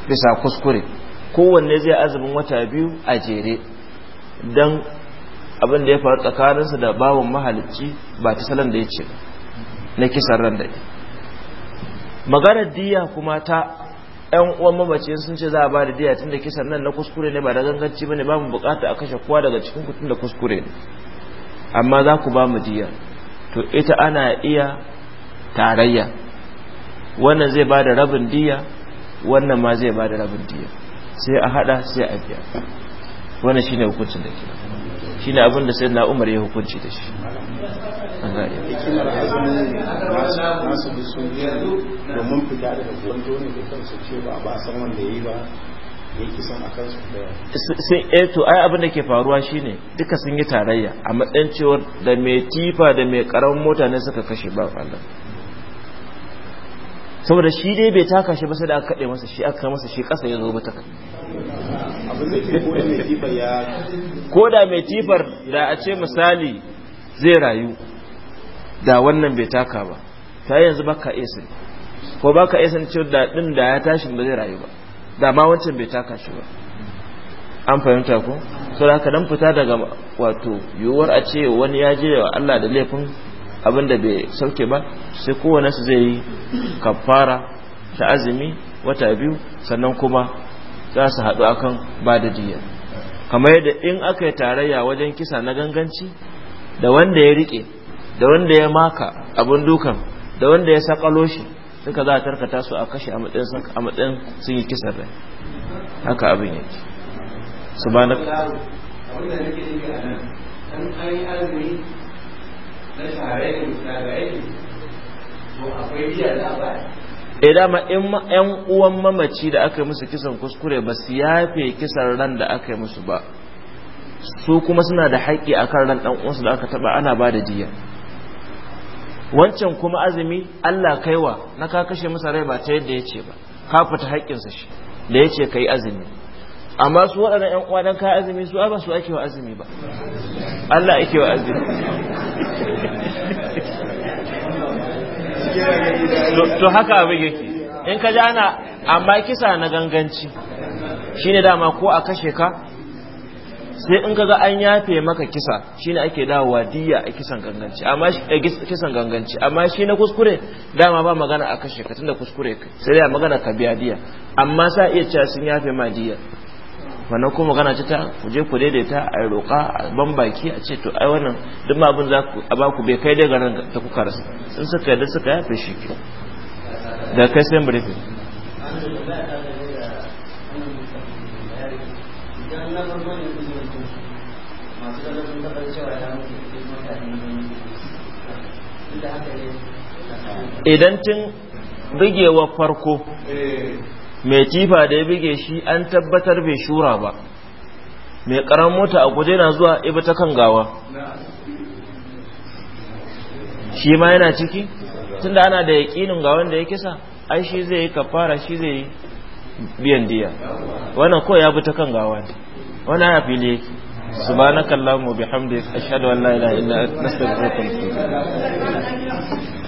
bisa kuskure kowanne zai azumin wata biyu a jere don abin da ya faru tsakaninsa da bawon mahalicci ba ta salon da ya ce na kisan ran da maganar diya kuma ta yan uwan mamace sun ce za a ba da diya tun da kisan nan na kuskure ne ba da ganganci ba ne ba mu bukata a kashe kuwa daga cikin kutun da kuskure ne amma za ku ba mu diya to ita ana iya tarayya wannan zai ba da rabin diya wannan ma zai ba da rabin diya sai a hada sai a biya wannan shine hukuncin da ke shine abin da na Umar ya hukunci da shi an gane nasu da domin ba san wanda ba eto eh, ai abin da ke faruwa shine duka sun yi tarayya a matsayin cewar da mai tifa da mai karamin mota ne suka kashe ba Allah saboda shi dai bai taka shi ba sai da aka kaɗe masa shi aka masa shi ƙasa ya zo mata ko da mai tifar da a ce misali zai rayu da wannan bai taka ba ta yanzu baka isa ko baka esin cewa da ɗin da ya tashi ba zai rayu ba da ma wancan bai taka shi ba an fahimta ko sau da haka dan fita daga wato yiwuwar a ce wani ya je wa Allah da laifin abinda bai sauke ba sai kowane su zai yi kafara ta azumi wata biyu sannan kuma za su haɗu akan ba da jiya kamar yadda in aka yi tarayya wajen kisa na ganganci da wanda ya riƙe da wanda ya maka abin dukan da wanda ya sakalo shi suka za a tarkata su a kashe a matsayin sun yi kisa rai haka abin yake su ba na na yan eh, uwan mamaci da aka yi musu kisan kuskure ba su yafe kisan ran da aka yi musu ba su kuma suna da haƙƙi kan ran ɗan uwansu da aka taɓa ana ba da jiya wancan kuma azumi Allah kaiwa na ka kashe masa rai ba ta yadda ya ce ba ka fita haƙƙinsa shi da ya ce ka yi azumi amma su waɗannan ‘yan uwa ka azumi su ba su ake wa azumi ba Allah ake wa azumi to haka abin yake in ka jana amma kisa na ganganci shine dama ko a kashe ka sai in kaga an yafe maka kisa shine ake dawowa diya a kisan ganganci amma kisan ganganci amma shi na kuskure dama ba magana a kashe ka tunda kuskure kai sai dai magana ka biya diya amma sa iya cewa sun yafe ma diya wannan kuma magana ce ta ku je ku daidaita a roƙa a ban baki a ce to ai wannan duk ma abin za ku a baku bai kai daga garin ta kuka rasa in suka yadda suka fi shi ke da kai sai briefing idan tun bugewa farko eh. mai tifa da ya bige shi an tabbatar bai shura ba mai karan mota a guje na zuwa iba ta kan gawa shi ma yana ciki tunda ana da yaƙinin ga wanda ya kisa ai shi zai yi kafara shi zai yi biyan diya wannan ko ya bi ta kan gawa ne wannan ya fili yake subhanakallahumma bihamdika ashhadu an la ilaha illa anta astaghfiruka wa atubu